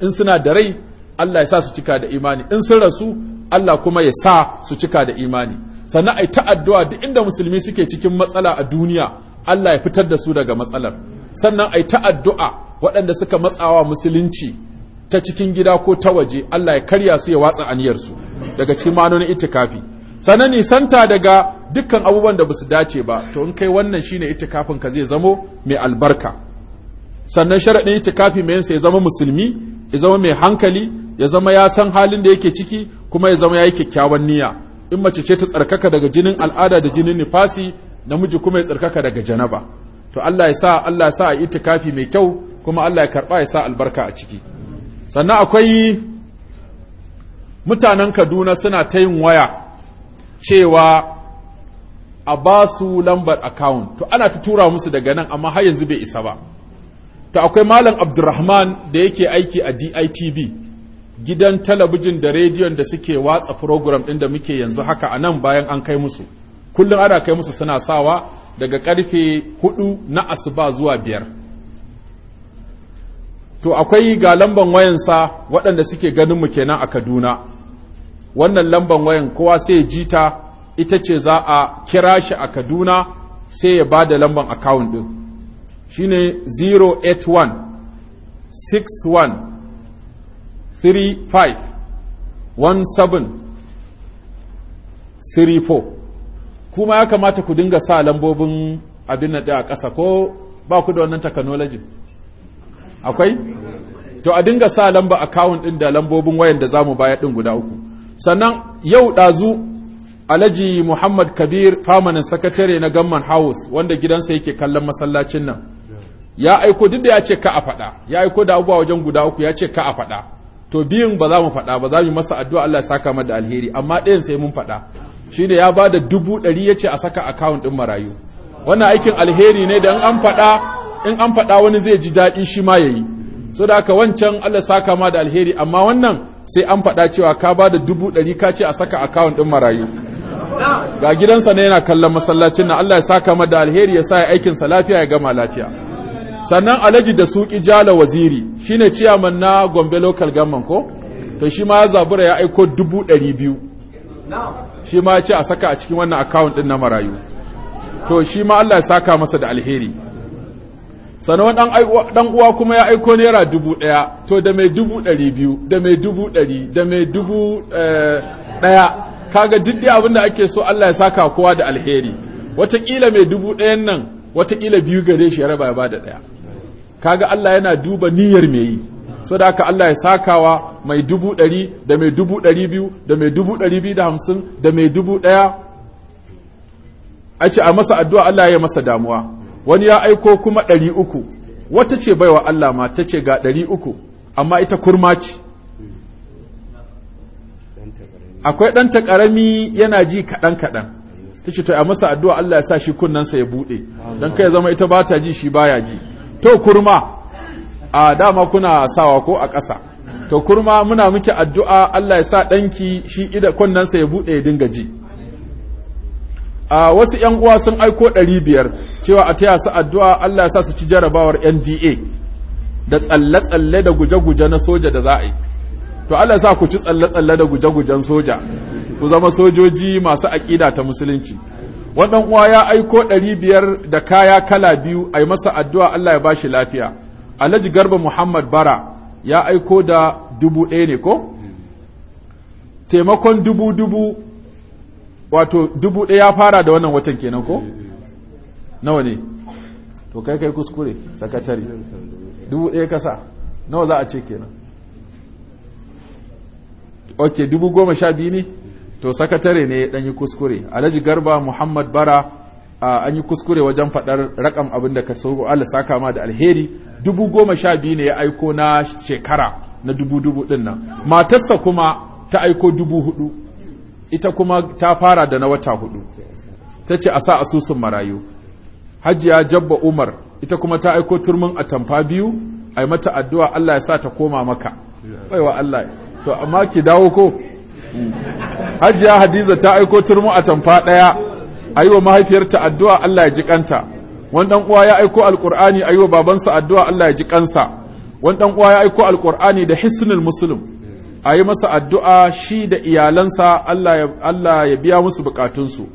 in suna da rai Allah ya sa su cika da imani in sun rasu Allah kuma ya sa su cika da imani sannan ai ta addu'a duk inda musulmi suke cikin matsala a duniya Allah ya fitar da su daga matsalar sannan ai ta addu'a waɗanda suka matsawa musulunci ta cikin gida ko ta waje Allah ya karya su ya watsa aniyarsu daga cikin manonin itikafi sannan santa daga dukkan abubuwan da basu dace ba to in kai wannan shine itikafin ka zai zamo mai albarka sannan sharaɗin itikafi mai yansa ya zama musulmi ya zama mai hankali ya zama ya san halin da yake ciki kuma ya zama ya yi kyakkyawan niyya in mace ce ta tsarkaka daga jinin al'ada da jinin nifasi namiji kuma ya tsarkaka daga janaba to Allah ya sa Allah ya sa a itikafi mai kyau kuma Allah ya karba ya sa albarka a ciki sannan akwai mutanen Kaduna suna ta yin waya cewa a ba su lambar account to ana ta tura musu daga nan amma har yanzu bai isa ba to akwai malam abdurrahman da yake aiki a DITB gidan talabijin da rediyon da suke watsa program ɗin da muke yanzu haka a nan bayan an kai musu kullum ana kai musu suna sawa daga karfe hudu na asuba zuwa biyar to akwai ga lamban wayansa waɗanda suke ganin mu kenan a kaduna wannan lamban wayan kowa sai ya ji ta ita ce za a kira shi a kaduna sai ya ba da lamban account ɗin shi ne 081 61 35 17 34 kuma ya kamata ku dinga sa lambobin abin da a ƙasa ko ba ku da wannan technology akwai to a dinga sa lamba akawun ɗin da lambobin wayan da za mu baya ɗin guda uku sannan yau ɗazu alhaji muhammad kabir famanin sakatare na gamman house wanda gidansa yake kallon masallacin nan ya aiko duk da ya ce ka a faɗa ya aiko da abubuwa wajen guda uku ya ce ka a faɗa to biyun ba za mu faɗa ba za mu masa addu'a Allah ya saka mada alheri amma ɗayan sai mun faɗa shi ne ya ba da dubu ɗari ya ce a saka akawun ɗin marayu wannan aikin alheri ne da in an faɗa in an faɗa wani zai ji daɗi shi ma ya yi so da haka wancan Allah saka mada da alheri amma wannan sai an faɗa cewa ka ba da dubu ɗari ka ce a saka akawun ɗin marayu ga gidansa ne yana kallon masallacin na Allah ya saka mada da alheri ya sa ya aikinsa lafiya ya gama lafiya sannan alhaji da suki jala waziri shine ciyaman na gombe local government ko to shi ma ya zabura ya aiko dubu ɗari biyu shi ma ya ce a saka a cikin wannan akawun ɗin na marayu to shi ma Allah ya saka masa da alheri sannan ɗan uwa kuma ya aiko naira dubu ɗaya to da mai dubu ɗari biyu da mai dubu ɗari da mai dubu eh, ɗaya kaga diddi dai abin da ake so Allah ya saka kowa da alheri watakila mai dubu ɗayan nan watakila biyu gare shi ya raba ya bada ɗaya kaga Allah yana duba niyyar mai yi so da haka Allah ya sakawa mai dubu ɗari da mai dubu ɗari biyu da mai dubu ɗari biyu da hamsin da mai dubu ɗaya a ce a masa addu'a Allah ya masa damuwa wani ya aiko kuma ɗari uku wata ce baiwa Allah ma ta ce ga ɗari uku amma ita kurma ce akwai ɗanta ƙarami yana ji kaɗan-kaɗan ta ce to a masa addu'a Allah ya sa shi kunnansa ya buɗe don kai zama ita ba ta ji shi baya ji to kurma a dama kuna sawa ko a ƙasa to kurma muna miki addu'a Allah ya sa ɗanki shi ida kunnansa ya buɗe ya dinga ji a wasu ‘yan uwa sun aiko ɗari biyar cewa a taya su addu'a Allah ya sa su ci jarabawar NDA da tsalle-tsalle da guje-guje na soja da za a yi. To Allah ya sa ku ci tsalle-tsalle da guje-gujen soja, ku zama sojoji masu aƙida ta musulunci. Waɗan uwa ya aiko ɗari biyar da kaya kala biyu a yi masa addu'a Allah ya ba shi lafiya. Alhaji Garba Muhammad Bara ya aiko da dubu ɗaya ne ko? Taimakon dubu-dubu wato dubu ɗaya ya fara da wannan watan kenan ko nawa ne to kai kai kuskure sakatare dubu ɗaya kasa nawa za a ce kenan ok dubu goma sha biyu ne to sakatare ne ɗan yi kuskure alhaji garba muhammad bara an yi kuskure wajen faɗar rakam abin da ka so Allah saka ma da alheri dubu goma sha biyu ne ya aiko na shekara na dubu dubu ɗin nan matarsa kuma ta aiko dubu hudu ita kuma ta fara da na wata hudu ta ce a sa asusun marayu hajiya jabba umar ita kuma ta aiko turmin atamfa biyu ai mata addu'a Allah ya sa ta koma maka baiwa Allah to amma ki dawo ko hajiya hadiza ta aiko turmin atamfa daya yi wa mahaifiyarta addu'a Allah ya ji kanta wani dan uwa ya aiko a yi wa babansa addu'a Allah ya ji kansa wani dan uwa ya aiko alkur'ani da hisnul muslim a yi masa addu'a shi da iyalansa Allah ya biya musu bukatunsu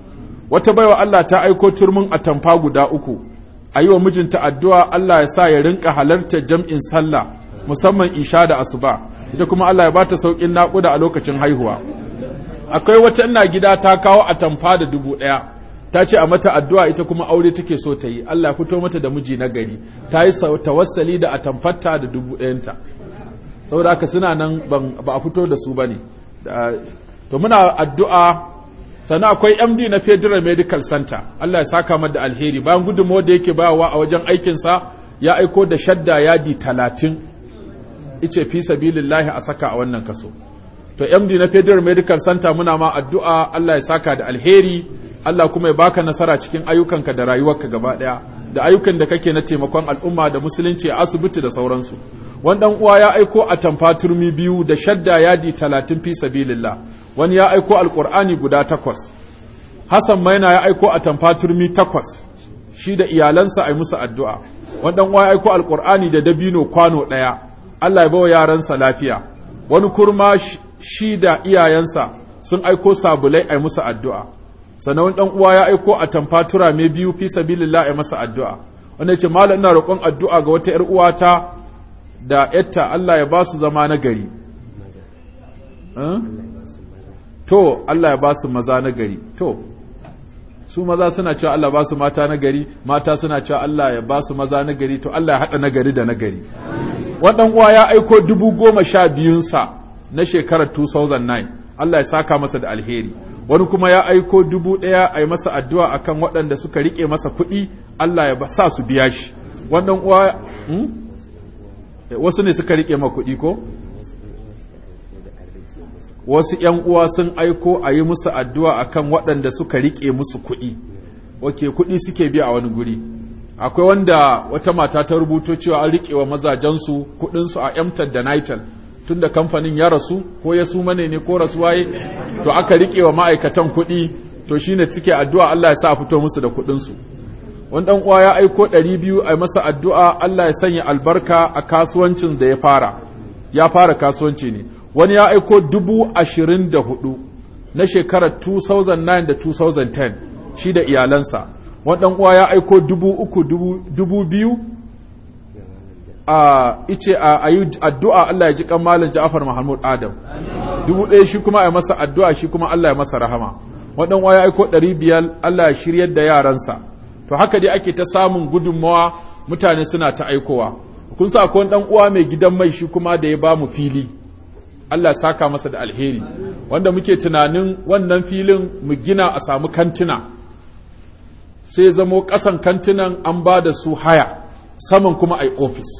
wata baiwa Allah ta aiko turmin atamfa guda uku a yi wa mijinta addu'a Allah ya sa ya rinka halarta jam'in sallah musamman isha da asuba ita kuma Allah ya ba ta sauƙin naƙuda a lokacin haihuwa akwai wata ina gida ta kawo atamfa da dubu ɗaya ta ce a mata addu'a ita kuma aure take so ta yi Allah ya fito mata da miji na gari ta yi tawassali da atamfarta da dubu ɗayanta saboda aka suna nan ba a fito da su ba ne to muna addu'a sannan akwai md na federal medical center allah ya saka mada alheri bayan gudunmu da yake bayawa a wajen aikinsa ya aiko da shadda yadi talatin ice fi sabilillahi a saka a wannan kaso to md na federal medical center muna ma addu'a allah ya saka da alheri allah kuma ya baka nasara cikin ayyukanka da rayuwarka gaba ɗaya da ayyukan da kake na taimakon al'umma da musulunci a asibiti da sauransu wani ɗan uwa ya aiko a tamfa turmi biyu da shadda yadi talatin fi sabilillah wani ya aiko Alƙur'ani guda takwas Hassan Maina ya aiko a tamfa turmi takwas shi da iyalansa ai musu addu'a wani ɗan uwa ya aiko Alƙur'ani da dabino kwano ɗaya. Allah ya bawa yaransa lafiya wani kurma shi da iyayensa sun aiko sabulai a ai musu addu'a sannan wani ɗan uwa ya aiko a tamfa turame biyu fi sabilillah ai masa addu'a wanda ce malam ina roƙon addu'a ga wata ‘yar uwata da yatta Allah ya ba su zama na gari to Allah ya ba su maza na gari to su maza suna cewa Allah ba su mata na gari mata suna cewa Allah ya ba su maza na gari to Allah ya haɗa na gari da na gari waɗan uwa ya aiko dubu goma sha biyunsa na shekarar 2009 Allah ya saka masa da alheri wani kuma ya aiko dubu ɗaya a yi masa addu'a akan waɗanda suka riƙe masa kuɗi Allah ya sa su biya shi wannan uwa hmm? Eh, wasu ne suka rike ma kuɗi ko wasu ‘yan uwa sun aiko a yi musu addu'a akan waɗanda suka riƙe musu kuɗi, wake kuɗi suke biya a wani guri. Akwai wanda wata mata ta rubuto cewa an riƙe wa mazajensu kuɗinsu a emtar da Nital, Tunda kamfanin ya rasu, ko ya su mane ne ko rasu waye, to aka riƙe wa ma'aikatan kuɗi, to shi ne cike addu'a Allah ya sa a fito musu da kuɗinsu. wani ɗan uwa ya aiko ɗari biyu a masa addu'a Allah ya sanya albarka a kasuwancin da ya fara ya fara kasuwanci ne wani ya aiko dubu ashirin da hudu na shekarar 2009 da 2010 shi da iyalansa wani ɗan uwa ya aiko dubu uku dubu biyu a ice a yi addu'a Allah ya ji kan malin ja'afar Mahmud Adam dubu ɗaya shi kuma a masa addu'a shi kuma Allah ya masa rahama uwa ya aiko ɗari biyar Allah ya shiryar da yaransa to haka dai ake ta samun gudunmawa mutane suna ta aikowa kun sa kun dan uwa mai gidan mai shi kuma da ya ba mu fili Allah saka masa da alheri wanda muke tunanin wannan filin mu gina a samu kantina sai zamo kasan kantinan an ba da su haya saman kuma ai office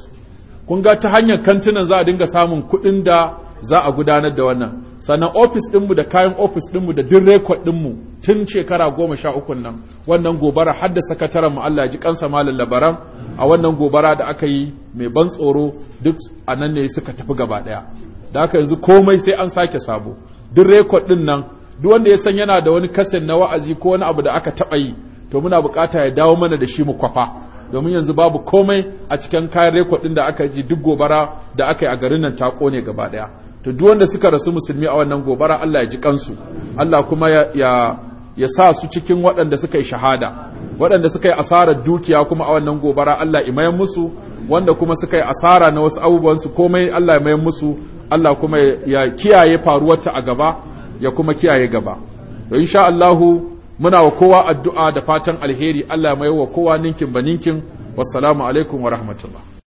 kun ga ta hanyar kantinan za a dinga samun kuɗin da za a gudanar da wannan sannan ofis ɗinmu da kayan ofis ɗinmu da duk rekod mu tun shekara goma sha uku nan wannan gobara har da sakataren mu Allah ji kansa malam labaran a wannan gobara da aka yi mai ban tsoro duk a nan ne suka tafi gaba ɗaya da haka yanzu komai sai an sake sabo din rekod din nan duk wanda ya san yana da wani kasin na wa'azi ko wani abu da aka taɓa yi to muna bukata ya dawo mana da shi mu kwafa domin yanzu babu komai a cikin kayan rekod ɗin da aka ji duk gobara da aka yi a garin nan ta kone gaba ɗaya to duk wanda suka rasu musulmi a wannan gobara Allah ya ji kansu Allah kuma ya ya, ya sa su cikin waɗanda suka yi shahada waɗanda suka yi asarar dukiya kuma a wannan gobara Allah ya mayan musu wanda kuma suka yi asara na wasu abubuwan su komai Allah ya mayan musu Allah kuma ya kiyaye faruwarta a gaba ya kuma kiyaye gaba to insha Allah muna wa kowa addu'a da fatan alheri Allah ya mayar wa kowa ninkin baninkin ninkin wassalamu alaikum wa rahmatullah